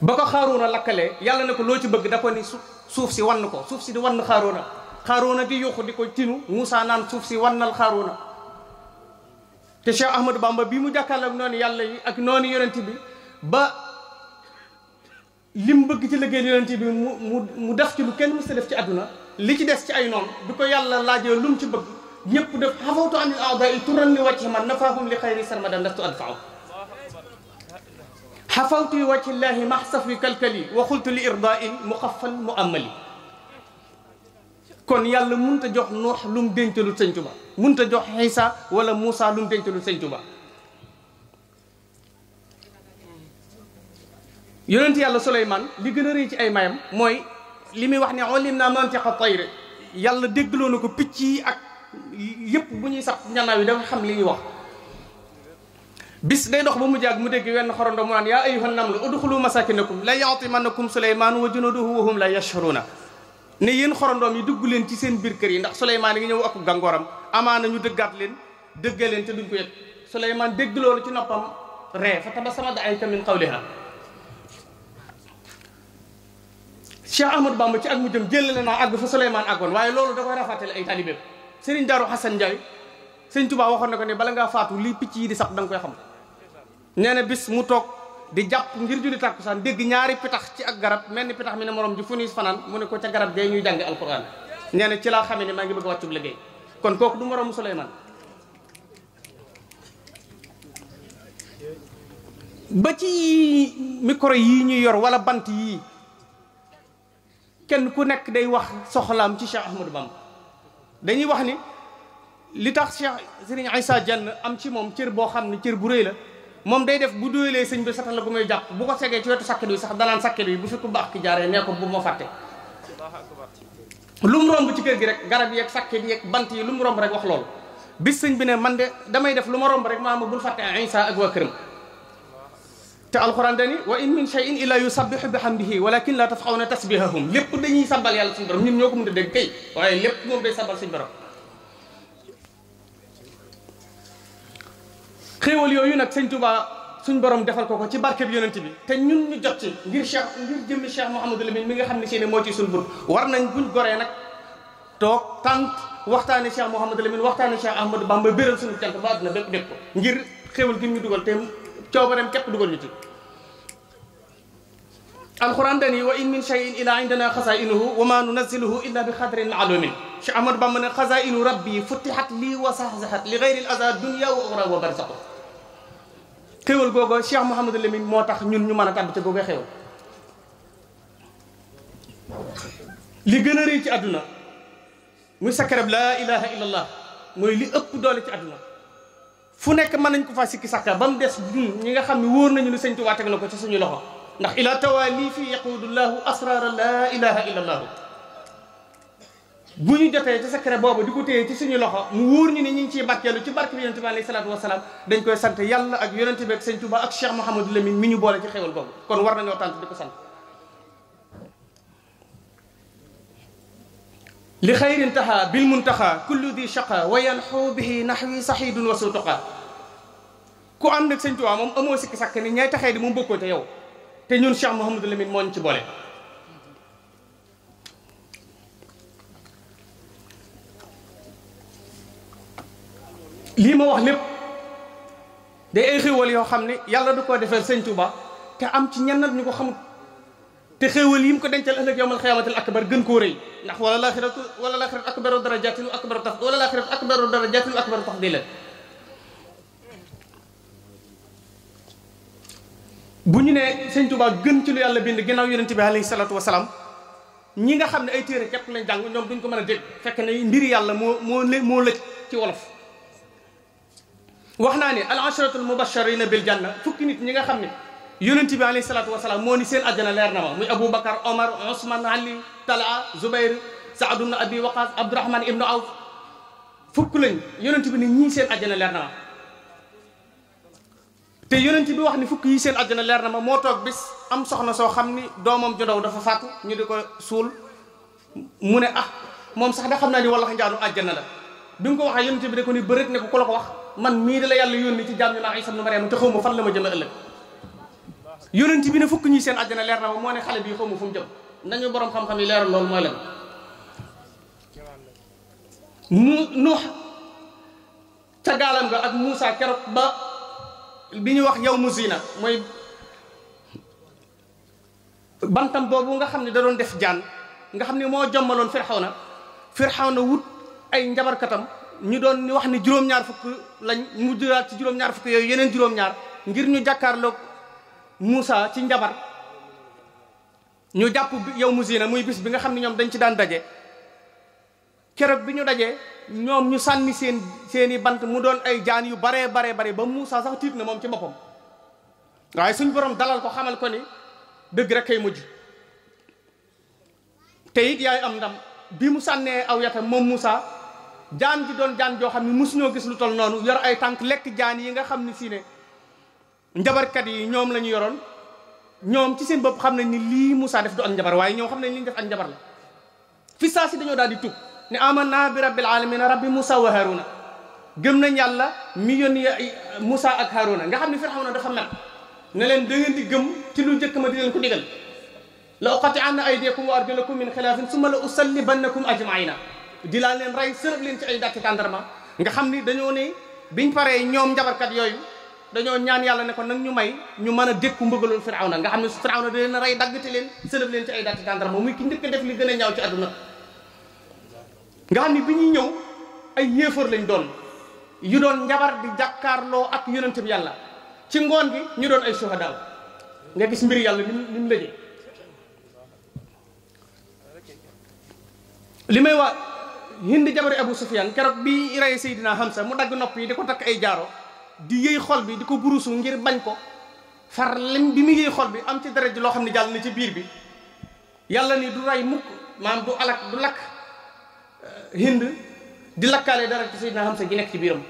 ba ko xaaruuna lakkalee yàlla ne ko loo ci bëgg da ko ni suuf si wann ko suuf si di wann xaaruuna xaaruuna di yuuxu di ko tinu Moussa naan suuf si wannal xaaruuna te Cheikh ahmed Bamba bi mu jakkal ak non yàlla yi ak non yonenti bi ba lim bëgg ci liggéey yonenti bi mu mu def ci lu kenn mës def ci aduna li ci dess ci ay non bi ko yàlla laaje lu mu ci bëgg ñëpp def xafawtu anil a'da yi turan li wàcc man nafahum li khayri sarmadan lastu adfaaw xafawtu yi wàcc illaahi maxsafi kalkali wa xultu li irdain muxafan mu amali kon yàlla mënut a jox noox lu mu dencalu sëñ Tuubaa mënut a jox Xiisa wala Muusa lu mu dencalul Sëñ Tuba yonent yàlla Suleymaan li gën a rëy ci ay mayam mooy li muy wax ne olim naa mantiqa tayr yàlla déggloo na ko picc yi ak yépp bu ñuy sax ñanaaw yi dafa xam li ñuy wax bis day dox ba mu jàgg mu dégg wenn xorondo mu naan yaa ayyuhan namlu udxulu masakinakum la yaatimannakum Suleymaan wa junuduhu wa hum la yashuruna ne yéen xorandoom yi dugg leen ci seen biir kër yi ndax Souleymane ngi ñëw ak gàngooram amaana ñu dëggaat leen dëgga leen te duñ ko yëg Souleymane dégg loolu ci noppam ree fa tabassama daahika min qawliha Cheikh Ahmadou Bamba ci ak mu jëm jël la fa Souleymane àggoon waaye loolu da koy rafatale ay taalibeem Serigne Darou Hassan Ndiaye Serigne Touba waxoon na ko ne bala ngaa faatu li picc yi di sax da koy xam nee na bis mu toog di japp ngir julli takusan deg ñaari pitax ci ak garab mel pitax mi ne morom ju funis fanan mu ne ko ci garab gay ñuy jang alquran neena ci la xamee ne ngi bëgg waccu kon koku du morom sulayman ba ci micro yi ñuy yor wala bant yi kenn ku nekk day wax soxlam ci Cheikh Ahmadou bam dañuy wax ni li tax Cheikh Serigne aissa jenn am ci mom cër bo xamni cër bu reey la moom day def bu duwelee sëñ bi satala bu may jàpp bu ko segee ci wetu sakket bi sax danaan sakket bi bu fi ku baax ki jaaree nee ko bu ma fàtte lu mu romb ci kër gi rek garab yeeg sakket yeeg bant yi lu mu romb rek wax loolu bis sëñ bi ne man de damay def lu ma romb rek maa ma bul fàtte Isa ak waa këram te alxuraan dani wa in min shay'in illa yusabbihu bihamdihi walakin la tafqahuna tasbihahum lépp dañuy sabal yàlla suñu borom ñun ñoo ko mën a dégg kay waaye lépp moom day sabal suñu borom xewal yoyu nak sëñ Touba suñ borom defal ko ko ci barke bi yonent bi te ñun ñu jot ci ngir Cheikh ngir jëmmi Cheikh mohammed Lamine mi nga xamni seen mo ci suñ bur war nañ buñ goré nak tok tant waxtani Cheikh mohammed Lamine waxtani Cheikh ahmed Bamba béral suñu cant ba àdduna bépp dégg ngir xewal gi ñu duggal te coobareem kep duggal ñu ci alquran dani wa in min cheyin ila indana xasainuhu wa ma nunaziluhu illa bi xadrin maalumin Cheikh Ahmadou Bamba ne xasainu rabbi futtihat lii wa saxsaxat li gayri al aza wa oxra wa barzaqu xéwal googu Cheikh Mouhamadou Lamine moo tax ñun ñu mën a tàbbi ci googu xew li gën a rëy ci àdduna muy sakkarab laa ilaha illallah mooy li ëpp doole ci àdduna fu nekk mën nañ ko faa sikki sakka ba mu des ñi nga xam ne wóor nañu lu sëñ Tuubaa teg na ko ci suñu loxo ndax ila tawaali fi yaquudullahu asrara laa ilaha illallahu buñu ñu ci secret bobu diko téy ci suñu loxo mu wóor ñu ni ñi ci ciy barkeelu ci barke bi yonente bi alayhi salaatu wasalaam dañ koy sante yàlla ak yonente bi ak seigne Touba ak Cheikh mohammed Lamine mi ñu boole ci xéwal bobu kon war nañu tànt diko sante li xayrin intaha bil muntaha kullu dhi shaqa wa yanhu bihi nahwi sahid wa sutqa ku ànd ak seigne Touba mom amo sik sak ni ñay taxé di moom bokkoo te yow te ñun Cheikh mohammed Lamine moo ñu ci boole lii ma wax lépp day ay xéewal yoo xam ne yàlla du ko defal sëñ Tuuba te am ci ñenn ñu ko xamut te xéewal yi mu ko dencal ëllëg yowmal xiyaamatil akbar gën koo rëy ndax wala laaxiratu wala laaxiratu akbaru darajatin wa akbaru taf wala laaxiratu akbaru darajatin wa akbaru tafdilan bu ñu nee sëñ Tuuba gën ci lu yàlla bind ginnaaw yonent bi alayhi salaatu wasalaam ñi nga xam ne ay téere képp lañ jàng ñoom duñ ko mën a dégg fekk na mbiri yàlla moo moo moo lëj ci wolof wax naa ne al asharatul mubasharina bil janna fukki nit ñi nga xam ne yonent bi alayhi salaatu wasalaam moo ni seen àjjana leer na ma muy abou bakar omar ousman ali talaa zubayr saad ibn abi waqas abdourahman ibnu awf fukk lañ yonent bi ne ñii seen àjjana leer na ma te yonent bi wax ni fukk yi seen àjjana leer na ma moo toog bis am soxna soo xam ni doomam jodow dafa faatu ñu di ko suul mu ne ah moom sax da xam naa ni wala xa njaanu àjjana la bi nga ko waxee yonent bi da ko ni bërët ne ko ku la ko wax man mii da la yàlla yónni ci jaam ñu naan Isa ibnu Maryam te xaw ma fan la ma jëme ëllëg yónent bi ne fukk ñuy seen àjjana leer na ma moo ne xale bii xaw ma mu jëm nañu borom xam-xam yi leeral loolu mooy ca gaalam nga ak Moussa keroog ba bi wax yow mu zina mooy bantam boobu nga xam ne da doon def jaan nga xam ne moo jommaloon Firxaw na Firxaw na wut ay njabarkatam ñu doon wax ni juróom-ñaar fukk lañ mu juraat ci juróom-ñaar fukk yooyu yeneen juróom-ñaar ngir ñu jàkkaarloog Moussa ci njabar ñu jàpp yow mu na muy bis bi nga xam ne ñoom dañ ci daan daje keroog bi ñu dajee ñoom ñu sànni seen seeni bant mu doon ay jaan yu baree baree bare ba Moussa sax tiit na moom ci boppam waaye suñ boroom dalal ko xamal ko ni dëgg rek kay mujj te it yaay am ndam bi mu sànnee aw yatam moom Moussa jaan ji doon jaan joo xam ne mosuñoo gis lu tol noonu yor ay tànk lekk jaan yi nga xam ne fii ne njabarkat yi ñoom la ñu yoroon ñoom ci seen bopp xam nañ ni lii Moussa def du ak njabar waaye ñoom xam nañ ñu def ak njabar la fi saa si dañoo daal di tub ne amanna bi rabbil alamina rabbi Moussa wa Haruna gëm nañ la mi yónni Moussa ak Haruna nga xam ne Firawna dafa mer ne leen da ngeen di gëm ci lu njëkk ma di leen ko digal la uqati'anna aydiyakum wa arjulakum min xilaafin summa la usallibannakum ajmaina dinaa leen rey sërëb leen ci ay dàtti tàndarma nga xam ni dañoo ne biñ paree ñoom njabarkat yooyu dañoo ñaan yàlla ne ko nag ñu may ñu mën a dékku mbëgaloon firawna nga xam ne firawna da leen a rey daggati leen sërëb leen ci ay dàtti tàndarma muy ki njëkk a def li gën a ñaaw ci àdduna nga xam ni bi ñuy ñëw ay yéefar lañ doon yu doon njabar di jàkkaarloo ak yonent bi yàlla ci ngoon bi ñu doon ay suhadaaw nga gis mbir yàlla li mu lëje li may wax hind jabari Abu Sufyan keroog bi rey Seydina Hamza mu dagg nopp yi di ko takk ay jaaro di yëy xol bi di ko burusu ngir bañ ko far lim bi mu yëy xol bi am ci dara loo xam ne jàll na ci biir bi yàlla ni du rey mukk maam du alak du lakk euh, hind di lakkaale dara ci Seydina Hamza gi nekk ci biiram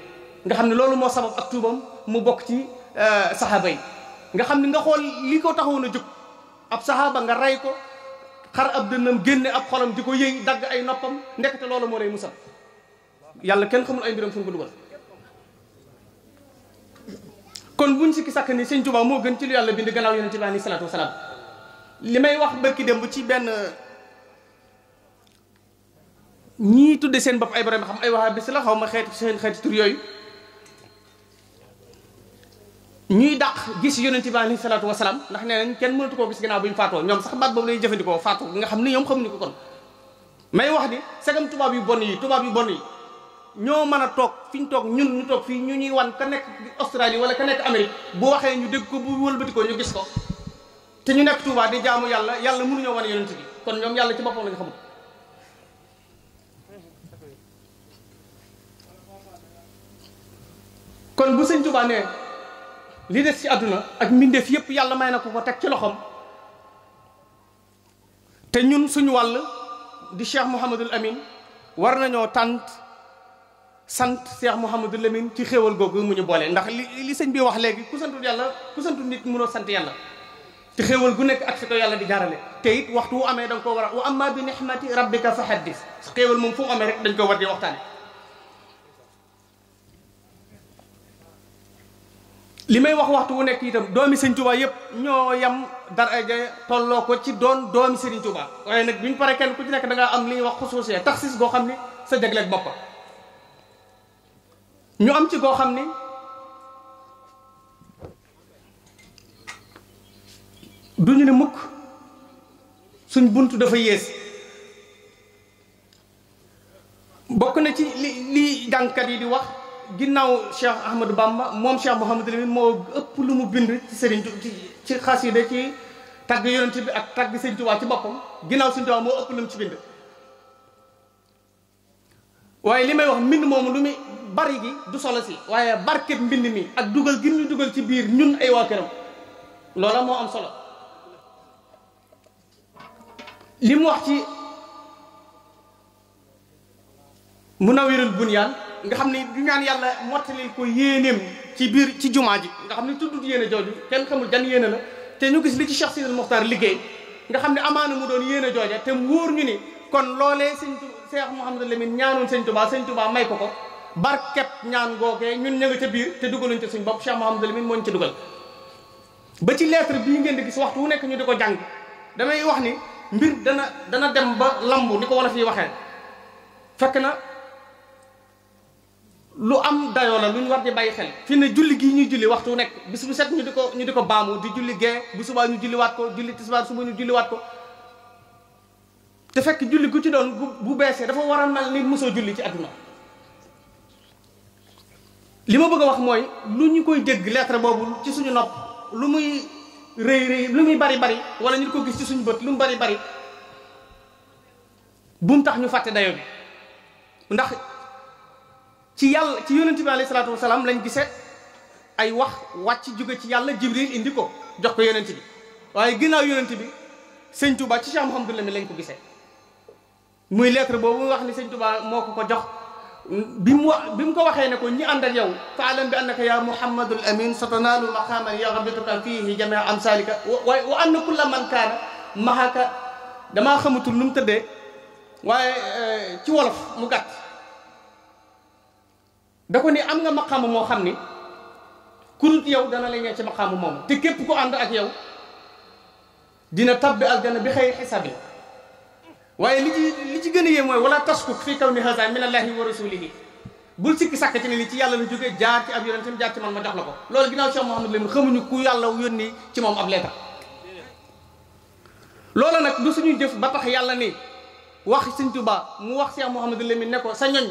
nga xam ne loolu moo sabab ak tuubam mu bokk ci euh, saxaaba yi nga xam ni nga xool lii ko taxoon a jóg ab saxaaba nga rey ko xar ab dënnam génne ab xolam di ko yëy dagg ay noppam ndekete loolu moo lay musal yàlla kenn xamul ay mbiram fu mu ko dugal kon buñ sikki sàkk ni sëñ Tuubaa moo gën ci lu yàlla bind gannaaw yonente bi alayhi salaatu wasalaam li may wax bërki démb ci benn ñii tudde seen bopp ay borom xam ay waxaa bis la xaw ma xeeti seen xeeti tur yooyu ñuy dàq gis yonente bi alayhi salaatu wasalaam ndax nee nañ kenn mënatu koo gis ginnaaw bu ñu faatoo ñoom sax baat boobu lañuy jëfandikoo faatoo nga xam ne ñoom xamuñu ko kon may wax ni segam tubaab yu bon yi tubaab yu bon yi ñoo mën a toog fi ñu toog ñun ñu toog fii ñu ñuy wan ka nekk Australie wala ka nekk Amérique bu waxee ñu dégg ko bu wëlbati ko ñu gis ko te ñu nekk Touba di jaamu yàlla yàlla mënuñoo wan yonente bi kon ñoom yàlla ci boppam lañ xamul kon bu sëñ Touba ne li des ci àdduna ak mbindeef yépp yàlla may na ko ko teg ci loxoom te ñun suñu wàll di cheikh Mouhamadul Amin war nañoo tànt sant cheikh Mouhamadul Amin ci xéewal googu mu ñu boole ndax li li sëñ bi wax léegi ku santul yàlla ku santul nit mënoo sant yàlla te xéewal gu nekk ak fi ko yàlla di jaarale te it waxtu wu amee da nga koo war a wa amma bi nixmati rabbika fa haddis xéewal moom fu mu amee rek dañ ko war di waxtaane li may wax waxtu wu nekk itam doomi sëñ Touba yëpp ñoo yam daraja tolloo ko ci doon doomi sëriñ Touba waaye nag bi ñu paree kenn ku ci nekk da am li ñuy wax xusuusee taxsis goo xam ni sa jagleeg boppam ñu am ci goo xam ni du ñu ne mukk suñ bunt dafa yées bokk na ci li li jàngkat yi di wax ginnaaw Cheikh Ahmadou Bamba moom Cheikh Mouhamadou Lamine moo ëpp lu mu bind ci sëriñ ci xasida ci tagg yonent bi ak tagg sëriñ Tuubaa ci boppam ginnaaw sëriñ Tuubaa moo ëpp lu mu ci bind waaye li may wax mbind moomu lu muy bari gi du solo si waaye barket mbind mi ak dugal gi ñu dugal ci biir ñun ay waa këram loola moo am solo li mu wax ci Munawwirul Bunyaan nga xam ni du ñaan yàlla mottalil ko yéeneem ci biir ci jumaa ji nga xam ni tuddut yéene jooju kenn xamul jan yéene la te ñu gis li ci Cheikh Sidil Mokhtar liggéey nga xam ne amaana mu doon yéene jooja te wóor ñu ni kon loolee sëñ tu Cheikh Mouhamadou Lamine ñaanoon sëñ Touba sëñ Touba may ko ko barkeb ñaan googee ñun ña nga ca biir te dugaluñ ca suñ bopp Cheikh Mouhamadou Lamine moo ñu ca dugal ba ci lettre bii ngeen di gis waxtu wu nekk ñu di ko jàng damay wax ni mbir dana dana dem ba lambu ni ko wala fii waxee lu am dayo la luñ war di bàyyi xel fi ne julli gi ñu julli waxtu nek bis bu set ñu diko ñu diko baamu di julli ge bu suba ñu wat ko julli tisba suba ñu wat ko te fekk julli gu ci doon bu beesee dafa war mal ni mosoo julli ci aduna lima bëgg wax moy lu ñu koy dégg lettre bobu ci suñu nopp lu muy reey reey lu muy bari bari wala ñu ko gis ci suñu bëtt lu bari bari bu mu tax ñu fàtte dayo bi ndax ci yàlla ci yonent bi alayhi salaatu wasalaam lañ gisee ay wax wàcc jóge ci yàlla jibril indi ko jox ko yonent bi waaye ginnaaw yonent bi sëñ Touba ci Cheikh Mouhamadou Lamine lañ ko gisee muy lettre boobu mu wax ni sëñ Touba moo ko ko jox bi mu wax bi mu ko waxee ne ko ñi ànd ak yow faalam bi annaka ya Muhammadul Amin satanaalu maqaaman yarabituka fiihi jamia amsalika wa wa anna kulla man kaana mahaka damaa xamatul nu mu tëddee waaye eh, ci wolof mu gàtt da ko ni am nga maqaama moo xam ni kurut yow dana la ñëw ci maqaama moom te képp ko ànd ak yow dina ak aljana bi xëy xisaab yi waaye li ci li ci gën a yee mooy wala taskuk fii kaw ni hasa min allahi wa rasulihi bul sikki sàkk ci ne li ci yàlla la jógee jaar ci ab yonentam jaar ci man ma jox la ko loolu ginnaaw Cheikh Mouhamadou Lamine xamuñu ku yàlla yónni ci moom ab leeta loolu nag du suñu jëf ba tax yàlla ni wax Sëñ Tuubaa mu wax Cheikh Mouhamadou Lamine ne ko sa ñoñ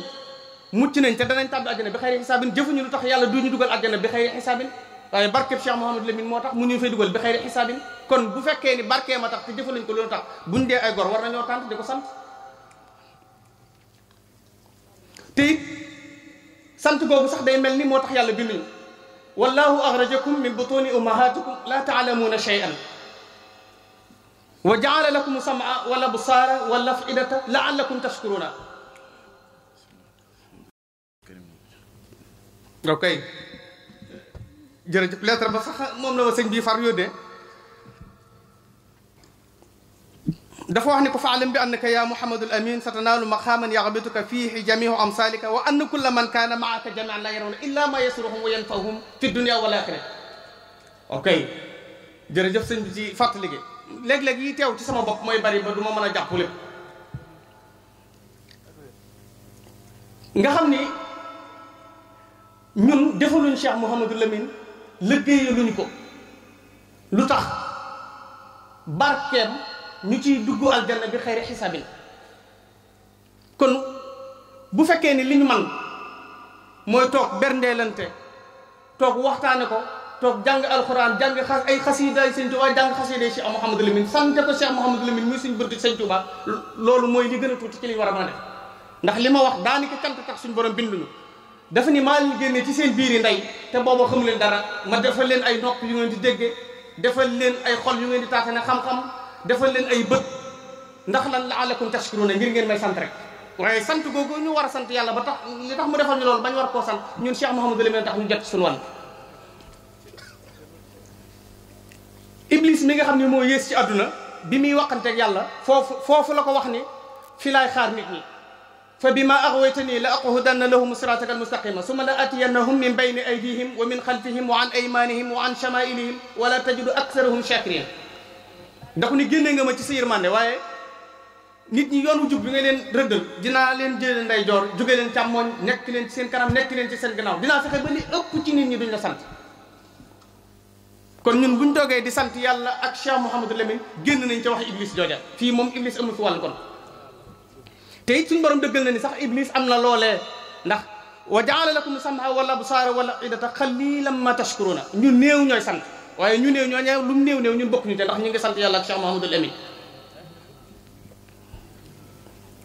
موتينين تدانين تابع الجنة بخير حسابين جفوني لطخ يلا دوني دوغل الجنة بخير حسابين طيب بارك بشيخ محمد لمن موتا مني في دوغل بخير حسابين كون بوفك كيني بارك يا متاخ تجفولين كل لطخ بندي أجر ورنا نوتان تجوسان تي سنت جوجو صح دين ملني موتا يلا بيني والله أخرجكم من بطون أمهاتكم لا تعلمون شيئا وجعل لكم سمعا ولا بصارا ولا فئدة لعلكم تشكرونا ok jërëjëf lettre ba sax moom la ma sëñ bii far yónnee dafa wax ni ko faalam bi annaka ya muhammadul amin satanaalu maqaaman yaxbituka fiihi jamiu amsalika wa ann kulla man kaana maaka jamian la yarawna illa ma yasruhum wa yanfahum fi dunia wal axira ok jërëjëf sëñ bi ci fàttali gi léeg-léeg yi teew ci sama bopp mooy bari ba du ma mën a jàpp lépp nga xam ni ñun defaluñ Cheikh Mouhamadou Lamine liggéeyaluñ ko lu tax barkeem ñu ciy dugg aljanna bi xëyri xisabin kon bu fekkee ni li ñu man mooy toog berndeelante toog waxtaane ko toog jàng alxuraan jàng xas ay xasiidaay sëñ Tuubaa jàng xasiidaay Cheikh Mouhamadou Lamine sante ko Cheikh Mouhamadou Lamine muy suñ bëntu sëñ Tuubaa loolu mooy li gën a tuuti ci liñ war a mën ndax li ma wax daanaka cant tax suñ borom binduñu dafa ni maa leen génne ci seen biiri ndey te booba xamu leen dara ma defal leen ay nopp yu ngeen di dégge defal leen ay xol yu ngeen di taatane xam-xam defal leen ay bët ndax lan la alakum tashkuruna ngir ngeen may sant rek waaye sant googu ñu war a sant yàlla ba tax li tax mu defal ñu loolu bañ war koo sant ñun Cheikh Mouhamadou Lamine tax ñu jot mi nga xam ne moo yées ci àdduna bi muy waxanteeg yàlla foofu foofu la ko wax ni fi laay xaar nit ñi فبما اغويتني لاقهدن لهم صراطك المستقيم ثم لاتينهم من بين ايديهم ومن خلفهم وعن ايمانهم وعن شمائلهم ولا تجد اكثرهم شاكرين داكو ني генي غاما سي سير ماندي واي نيت ني يونو جوب بيغي لين ردل دينا لين جيل نداي جور جوغي لين تامون نيك لين سين كرام نيك لين سي سين غناو دينا فخي بني اوب سي نيت ني دون لا سانت كون نون بون توغي محمد لامين ген نين ابليس جوجا في موم ابليس امو tey it suñu borom dëggal na ni sax iblis am na loolee ndax wa jaala lakum samha wala absaara wala idata xalilan ma tashkuruna ñu néew ñooy sant waaye ñu néew ñoo ñeew lu mu néew ñun bokk ñu te ndax ñu ngi sant yàlla ak Cheikh Mahamadul Amin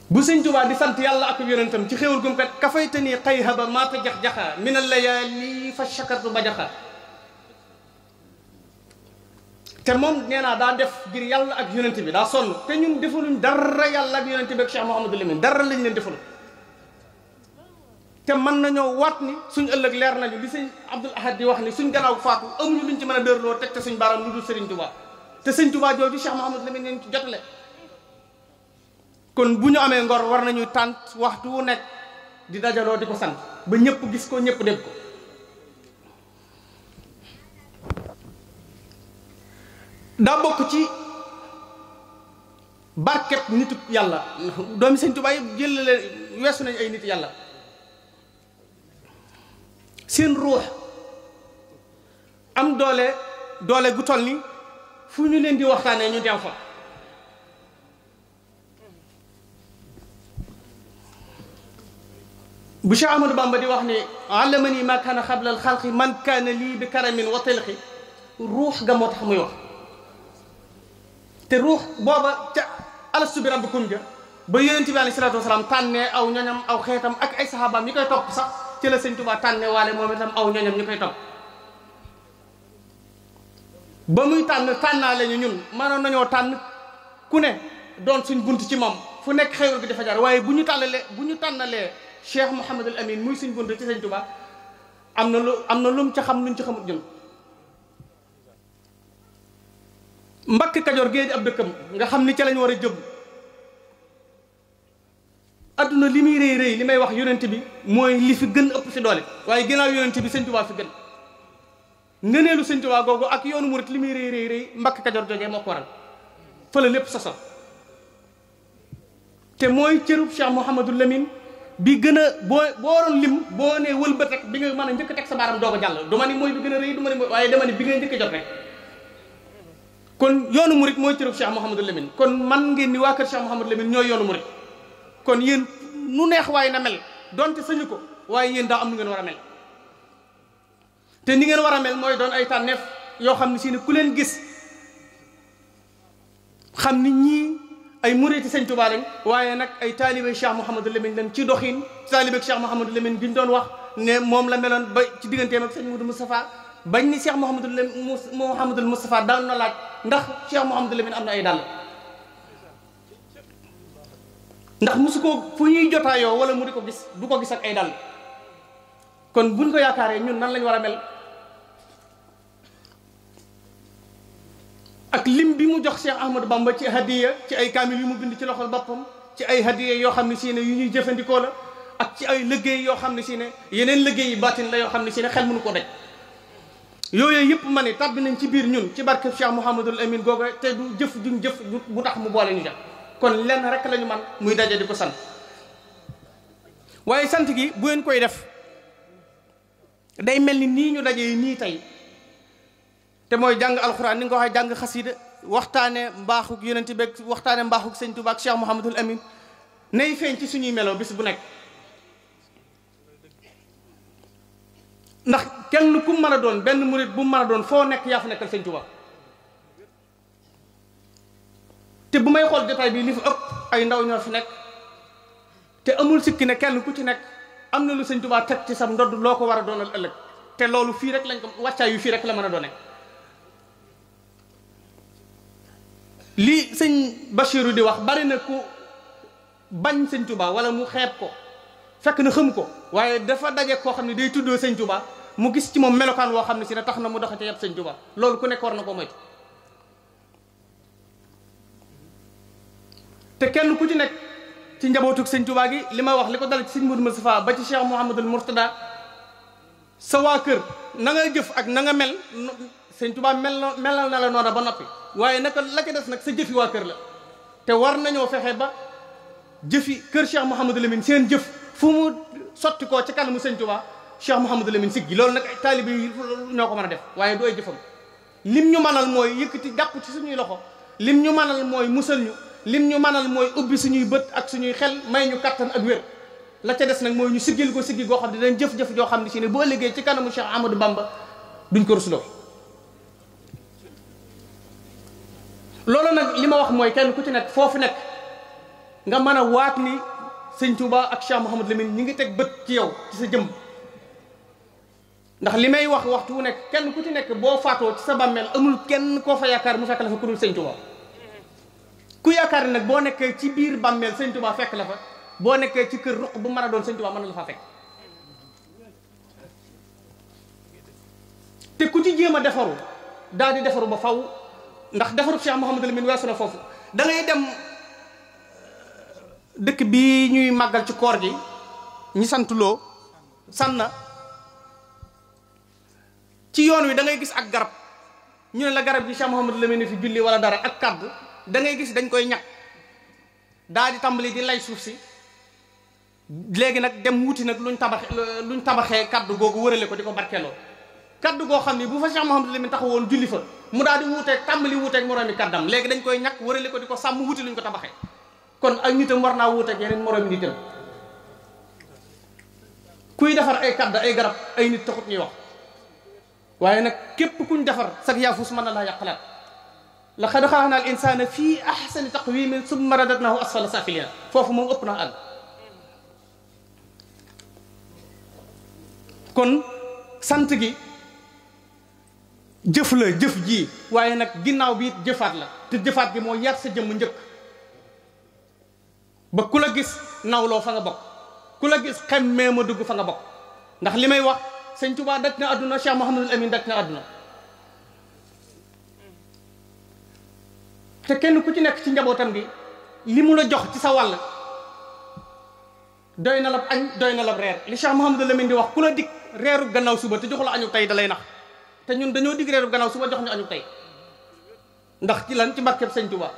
bu sëñ Tuubaa di sant yàlla ak yonentam ci xéewal gum kat kafaytani xayhaba maa ta jax-jaxa min al fa shakartu ba jaxa te moom nee naa daa def ngir yàlla ak yonent bi daa sonn te ñun defaluñ dara yàlla ak yonent bi ak Cheikh Mouhamadou Lamine dara lañ leen defal te na nañoo wat ni suñ ëllëg leer nañu li sëñ Abdoul Ahad di wax ni suñ gannaaw faatu amuñu luñ ci mën a dërloo te suñ baaraam lu dul Sëriñ Tuubaa te Sëriñ Tuubaa jooju Cheikh Mouhamadou Lamine leen ci jotale kon bu ñu amee ngor war nañu tànt waxtu wu nekk di dajaloo di ko sant ba ñëpp gis ko ñëpp dégg ko daa bokk ci barket nitu yàlla doomi sëñ Tuubaa yi jël leen weesu nañ ay nit yàlla seen ruux am doole doole gu toll ni fu ñu leen di waxtaanee ñu dem fa bu Cheikh Ahmadou Bamba di wax ni allamani ma kaana xablal xalqi man kaana lii bi karamin wa tilqi ruux ga moo tax muy wax te ruux booba ca alastu bi rabbikum ja ba yonent bi alayhi salaatu wasalaam tànnee aw ñoñam aw xeetam ak ay saxaabaam ñi koy topp sax ci la sëñ Tuubaa tànnee waale moom itam aw ñoñam ñi koy topp ba muy tànn tànnaale ñu ñun maanaam nañoo tànn ku ne doon suñ bunt ci moom fu nekk xeewul bi dafa jaar waaye bu ñu tànnalee bu ñu tànnalee Cheikh Mouhamadul Amine muy suñ bunt ci sëñ Tuubaa am na lu am na lu mu ca xam luñ ci xamut ñun mbakk kajoor géej ab dëkkam nga xam ni ca lañ war a jëm adduna li muy rëy li may wax yonent bi mooy li fi gën ëpp fi doole waaye ginnaaw yonent bi sëñ Tuubaa fi gën ngëneelu sëñ Tuubaa googu ak yoonu murit li muy rëy rëy rëy mbakk kajoor jogee moo ko waral fële lépp sosal te mooy cërub Cheikh Mouhamadou Lamine bi gën a boo booroon lim boo nee wëlbat rek bi nga mën a njëkk teg sa baaram a jàll du ma ni mooy bi gën a rëy du ma ni mooy waaye dama ni bi nga njëkk kon yoonu murit mooy cërëb Cheikh Mouhamadou Lamine kon man ngeen ni waa kër Cheikh Mouhamadou Lamine ñooy yoonu murit kon yéen nu neex waaye na mel donte sañu ko waaye yéen daa am nu ngeen war a mel te ni ngeen war a mel mooy doon ay tànneef yoo xam ne si ne ku leen gis xam ni ñii ay muriti sëñ Tuubaa lañ nag ay taalibe Cheikh Mouhamadou Lamine lañ ci doxin taalibe Cheikh Mouhamadou Lamine bi ñu doon wax ne moom la meloon ba ci digganteem ak sëñ Moudou Moustapha bañ ni Cheikh Mouhamadul Mouhamadul Moustapha daan na laaj ndax Cheikh Mouhamadul Lamine am na ay dàll ndax musu ko fu ñuy jotaayoo wala mu di ko gis du ko gis ak ay dàll kon buñ ko yaakaaree ñun nan lañ war a mel ak lim bi mu jox Cheikh Ahmadou Bamba ci hadiya ci ay kaamil yu mu bind ci loxol boppam ci ay hadiya yoo xam ne si ne yu ñuy jëfandikoo la ak ci ay liggéey yoo xam ne si ne yeneen liggéey yu baatin la yoo xam ne si ne xel mënu ko daj yooyu yëpp ma ne tàbbi nañ ci biir ñun ci barke Cheikh Mouhamadul Amin googu te du jëf duñ jëf bu tax mu boole ñu jàpp kon lenn rek lañu man muy daje di ko sant waaye sant gi bu ngeen koy def day mel ni nii ñu daje nii tey te mooy jàng alxuraan ni nga ko waxee jàng xasida waxtaane mbaaxug yonent bi waxtaane mbaaxug sëñ Tuubaa ak Cheikh Mouhamadul Amin nay feeñ ci suñuy meloo bis bu nekk. ndax kenn ku mën a doon benn murit bu mën a doon foo nekk yaa fa nekkal sëñ Tuubaa te bu may xool jotaay bi li fa ëpp ay ndaw ñoo fi nekk te amul sikki ne kenn ku ci nekk am na lu sëñ Tuubaa teg ci sam ndodd loo ko war a doonal ëllëg te loolu fii rek lañ ko wàccaay yu fii rek la man a doone lii sëñ Bachiru di wax bari na ku bañ sëñ Tuubaa wala mu xeeb ko fekk na xam ko waaye dafa daje koo xam ne day tuddoo sëñ Tuubaa mu gis ci moom melokaan woo xam ne si ne tax na mu doxe ca yab sëñ Tuubaa loolu ku nekk war na ko moytu te kenn ku ci nekk ci njabootug sëñ Tuubaa gi li may wax li ko dale ci sëñ Modou Moustapha ba ci Cheikh Mouhamadul Mourtada sa waa kër na nga jëf ak na nga mel sëñ Tuubaa mel na melal na la noona ba noppi waaye naka la ca des nag sa jëfi waa kër la te war nañoo fexe ba jëfi kër Cheikh Mouhamadul Lamine seen jëf fu mu sotti koo ci kanamu sëñ Tuubaa Cheikh Mouhamadou Lamine siggi loolu nag ay taalibe yi ñoo ko mën a def waaye doo ay jëfam lim ñu mënal mooy yëkkati jàpp ci suñuy loxo lim ñu mënal mooy musal ñu lim ñu mënal mooy ubbi suñuy bët ak suñuy xel may ñu kattan ak wér la ca des nag mooy ñu siggil ko siggi goo xam ne dinañ jëf-jëf joo xam ne si ne boo liggéey ci kanamu Cheikh Amadou Bamba duñ ko rusloo loolu nag li ma wax mooy kenn ku ci nekk foofu nekk nga mën a waat ni sëñ Touba ak Cheikh Mouhamadou Lamine ngi teg bët ci yow ci sa ndax li may wax waxtu wu nekk kenn ku ci nekk boo faatoo ci sa bàmmeel amul kenn koo fa yaakaar mu fekk la fa ku dul sëñ Tuubaa ku yaakaar nag boo nekkee ci biir bàmmeel sëñ Tuubaa fekk la fa boo nekkee ci kër ruq bu mën a doon sëñ Tuubaa mën na la faa fekk te ku ci jéem a defaru daal di defaru ba faw ndax defaru Cheikh Mouhamadul Amin weesu na foofu dangay dem dëkk bi ñuy màggal ci koor gi ñi sant loo sànna ci yoon wi da ngay gis ak garab ñu ne la garab gi Cheikh Mouhamadou Lamine fi julli wala dara ak kàdd da ngay gis dañ koy ñag daal di tàmbali di lay suuf si léegi nag dem wuti nag luñ tabax ñu tabaxee kàddu googu wërale ko di ko lool kàddu goo xam ne bu fa Cheikh Mouhamadou Lamine taxawoon julli fa mu daal di wuuteeg tàmbali wuuteeg moroomi kàddam léegi dañ koy ñag wërale ko di ko sàmm wuti luñ ko tabaxee kon ak nitam war naa wuuteeg yeneen moroomi nitam kuy defar ay kàdd ay garab ay nit waaye nag képp kuñ defar sag yaafuus mën na laa yàqalaat laqad xalaqna al insana fii ahsani taqwimin summa radadnahu asfala safilina foofu moom ëpp naa àll kon sant gi jëf la jëf ji waaye nag ginnaaw bi it jëfaat la te jëfaat gi moo yar sa jëmm njëkk ba ku la gis nawloo fa nga bokk ku la gis xemmee ma dugg fa nga bokk ndax li may wax sëñ Touba dakk na àdduna Cheikh Mouhamadul Amin dakk na àdduna te kenn ku ci nekk ci njabootam gi li mu la jox ci sa wàll doy na la añ doy na la reer li Cheikh Mouhamadul Amin di wax ku la dig reeru gannaaw suba te joxu la añu tey dalay nax te ñun dañoo dig reeru gannaaw suba jox ñu añu tey ndax ci lan ci mbàkkeb sëñ Touba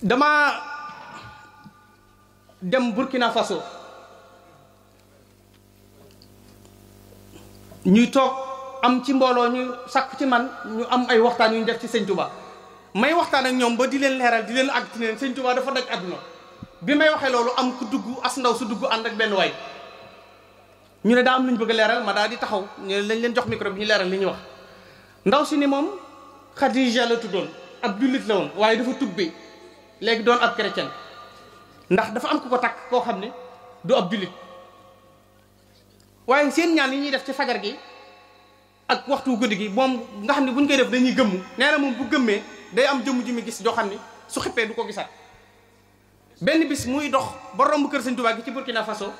dama dem Burkina Faso ñuy toog am ci mbooloo ñu sakku ci man ñu am ay waxtaan yu ñu def ci sëñ Touba may waxtaan ak ñoom ba di leen leeral di leen àgg ci leen sëñ Touba dafa daj àdduna bi may waxee loolu am ku dugg as ndaw su dugg ànd ak benn waay ñu ne daa am lu ñu bëgg leeral ma daal di taxaw ñu lañ leen jox micro bi ñu leeral li ñu wax ndaw si ni moom Khadija la tuddoon ab jullit la woon waaye dafa bi léegi doon ab chrétien ndax dafa am ku ko takk koo xam ne du ab jullit waye seen ñaan yi ñuy def ci fajar gi ak waxtu guddi gi mom nga xamni buñ koy def dañuy gëm neena na bu gëmé day am jëm jëm gis jo xamni su xippé du ko gisat benn bis muy dox ba romb kër sëñ Touba gi ci Burkina Faso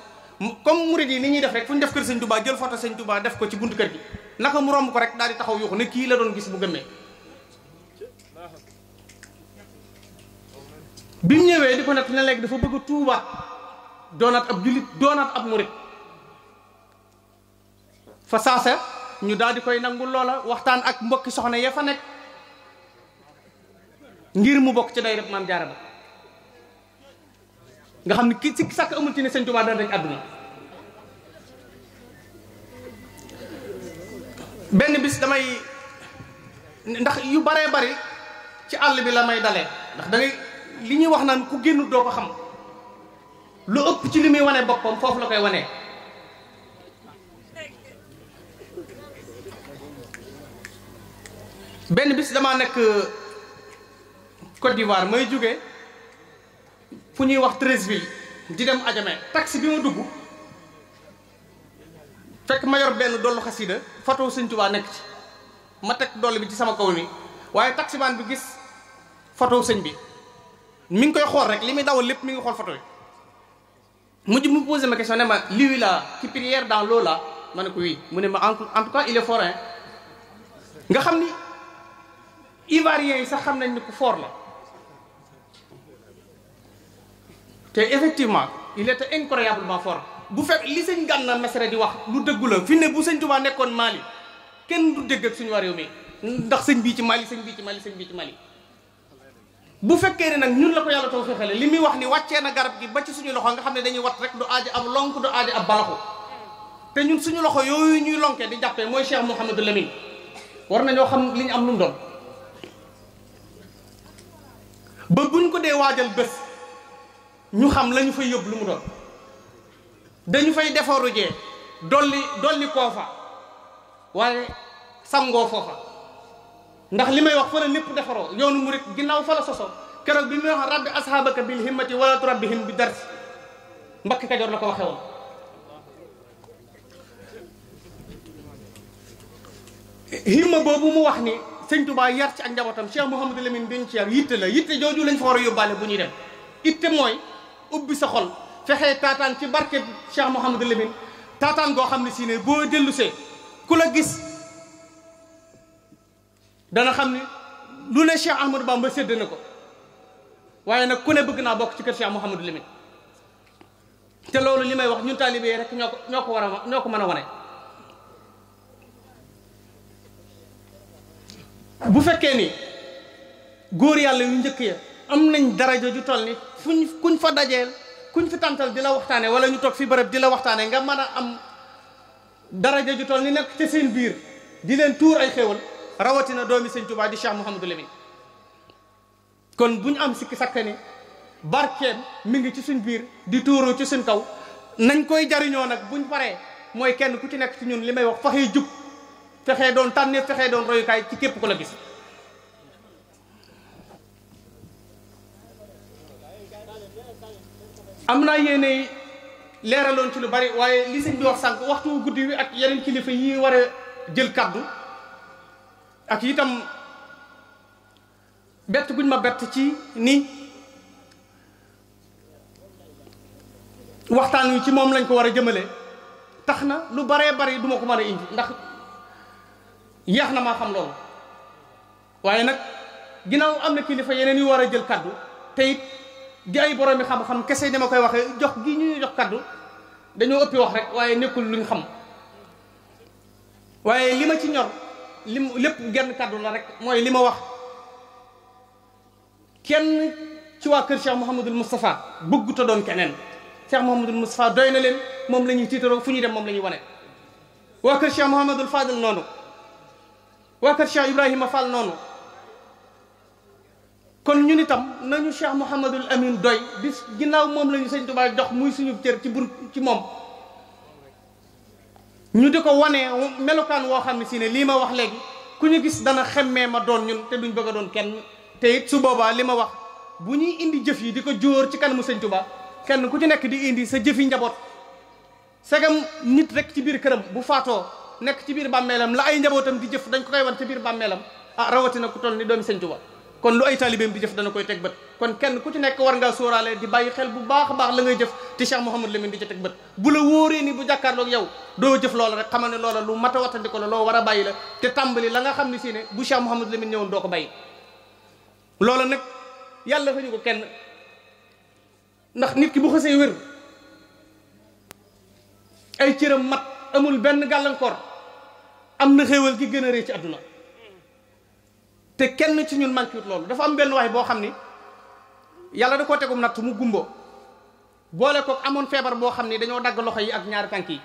comme mouride yi ni ñuy def rek fuñ def kër sëñ Touba jël photo sëñ Touba def ko ci buntu kër gi naka mu romb ko rek daal di taxaw yuuxu ne ki la doon gis bu gëmé bi ñëwé di na lek dafa bëgg touba donat ab julit donat ab fa saasa ñu daal di koy nangu loola waxtaan ak mbokki soxna ya fa nekk ngir mu bokk ci day rek man jaara ba nga xam ne ki si sàkk amul ci ne sëñ Tuubaa dana dañ àdduna benn bis damay ndax yu baree bari ci àll bi la may dale ndax dangay li ñuy wax naan ku génn doo ko xam lu ëpp ci li muy wane boppam foofu la koy wane benn bis damaa nekk euh, Côte d'Ivoire may jóge fu ñuy wax Treichville di dem Adjamé taxi bi ma dugg fekk ma yor benn dollu xasida foto Sëñ Tuubaa nekk ci ma teg doll bi ci sama kaw mi waaye taximaan bi gis foto sëñ bi mu ngi koy xool rek li muy dawal lépp mi ngi xool photo yi mujj mu posé ma question ne ma lii la qui prière dans l'eau ma ne ko oui mu ne ma en tout cas il est forain nga xam ni ivoiriens yi sax xam nañ ni ku foor la te effectivement il était incroyablement fort bu fekk li sëñ na Messere di wax lu dëggu la fi ne bu sëñ Tuubaa nekkoon Mali kenn du dégg ak suñu waa réew mi ndax sëñ bii ci Mali sëñ bii ci Mali sëñ bii ci Mali bu fekkee ne nag ñun la ko yàlla taw fexale li muy wax ni wàccee na garab gi ba ci suñu loxo nga xam ne dañuy wat rek du aaja am lonk du aaja ab balaxu te ñun suñu loxo yooyu ñuy lonkee di jàppee mooy Cheikh Mouhamadou Lamine war nañoo xam li am lu mu doon ba buñ ko dee waajal bés ñu xam lañu ñu fay yóbbu lu mu doon dañu fay defaru jee dolli dolli koo fa waaye sangoo foofa ndax li may wax fa la lépp defaroo yoonu murit ginnaaw fa la soso keroog bi muy wax rabbi asxaabaka bil himmati wala turabbihim bi darsi mbakki kajoor la ko waxee himma boobu mu wax ni sëñ Touba yar ci ak njabootam Cheikh Mouhamadou Lamine bin ci am yitte la yitte jooju lañ fa war a yóbbaale bu ñuy dem itte mooy ubbi sa xol fexe taataan ci barke Cheikh Mouhamadou Lamine taataan goo xam ne si ne boo dellusee ku la gis dana xam ne lu ne Cheikh Ahmadou Bamba sédd na ko waaye nag ku ne bëgg naa bokk ci kër Cheikh Mouhamadou Lamine te loolu li may wax ñun taalibe rek ñoo ko ñoo ko war a ñoo ko mën a wane bu fekkee ni góor yàlla yu njëkk ya am nañ daraja ju toll ni fuñ kuñ fa dajeel kuñ fi tàntal di la waxtaane wala ñu toog fi bërëb di la waxtaane nga mën a am daraja ju toll ni nekk ci seen biir di leen tuur ay xéwal rawatina doomi sëñ Tuubaa di Cheikh Mouhamadou Lamine kon bu ñu am sikki sakka ni barkeem mi ngi ci suñ biir di tuuru ci seen kaw nañ koy jariñoo nag buñ paree mooy kenn ku ci nekk ci ñun li may wax faxee jub fexee doon tànneef fexee doon royukaay ci képp ku la gis am naa yéene leeraloon ci lu bari waaye li sëñ bi wax sànq waxtu guddi wi ak yeneen kilifa yi war a jël kàddu ak itam bett guñ ma bett ci ni waxtaan wi ci moom lañ ko war a jëmale tax na lu baree bari duma ko mën a indi ndax يهنا ما خم لول وينك جناو أمي كلي فيني وراء جل كادو تيب جاي برا مي خم خم كسي دم كوي وخي جك جيني جك كادو دنيو أبي وخي وين كل لين خم وين لما تنيور لم لب جن كادو لارك ما لما وخ كن توا كرشا محمد المصطفى بوغو تا دون كنن شيخ محمد المصطفى دوينا لين موم لا نيو تيتو فوني دم موم لا نيو واني وا كرشا محمد الفاضل نونو waa kër Cheikh Ibrahima Fall noonu kon ñun itam nañu Cheikh Mouhamadul Amin doy di ginnaaw moom la ñu sëñ Tuubaa jox muy suñu cër ci bun ci moom ñu di ko wane melokaan woo xam ne si ne lii ma wax léegi ku ñu gis dana xemmee ma doon ñun te duñ bëgg a doon kenn te su boobaa li ma wax bu ñuy indi jëf yi di ko jóor ci kanamu sëñ Tuubaa kenn ku ci nekk di indi sa jëfi njaboot segam nit rek ci biir këram bu faatoo nekk ci biir bàmmeelam la ay njabootam di jëf dañ ko koy wan ci biir bàmmeelam ah rawatina ku toll ni doomi Sëñ Tuubaa kon lu ay taalibeem di jëf dana koy teg bët kon kenn ku ci nekk war ngaa sóoraale di bàyyi xel bu baax a baax la ngay jëf te Cheikh Mouhamadou Lamine di ca teg bët bu la wóoree ni bu jàkkaarloog yow doo jëf loola rek xamal ne loola lu mat a wattandi ko la loo war a bàyyi la te tàmbali la nga xam ne si ne bu Cheikh Mouhamadou Lamine ñëwoon doo ko bàyyi loola nag yàlla fa ñu ko kenn ndax bu mat amul benn gàllankoor am na xéewal gi gën a rëy ci àdduna te kenn ci ñun manqué loolu dafa am benn waay boo xam ni yàlla da koo tegum natt mu gumbo boole ko amoon feebar boo xam ni dañoo dagg loxo yi ak ñaari tànk yi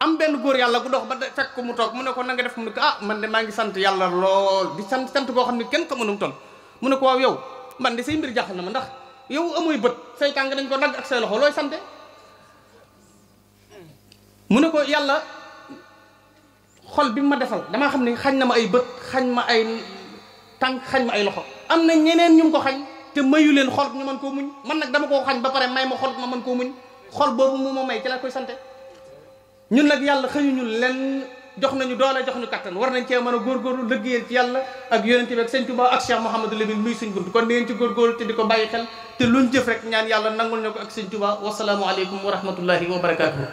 am benn góor yàlla gu dox ba fekk ko mu toog mu ne ko na nga def mu ne ko ah, man de maa ngi sant yàlla lool di sant sant boo xam ni kenn xamu nu mu mu ne ko waaw yow man de say mbir jaaxal na ma ndax yow amuy bët say tànk dañ ko dagg ak say loxo looy sante mu ne ko yàlla xol bi ma defal damaa xam ne xañ na ma ay bët xañ ma ay tànk xañ ma ay loxo am na ñeneen ñu ko xañ te mayu leen xol ñu mën koo muñ man nag dama koo xañ ba pare may ma xol ma mën koo muñ xol boobu mu ma may ci laa koy sante ñun nag yàlla xëyuñu leen jox nañu doole jox ñu kattan war nañ cee mën a góorgóorlu liggéeyal ci yàlla ak yonent bi ak sëñ Tuubaa ak Cheikh Mouhamadou Lamine muy suñ bunt kon di ngeen ci góorgóorlu te di ko bàyyi xel te luñ jëf rek ñaan yàlla nangul ñu ko ak sëñ Tuubaa wasalaamu aleykum wa rahmatullahi wa barakatuhu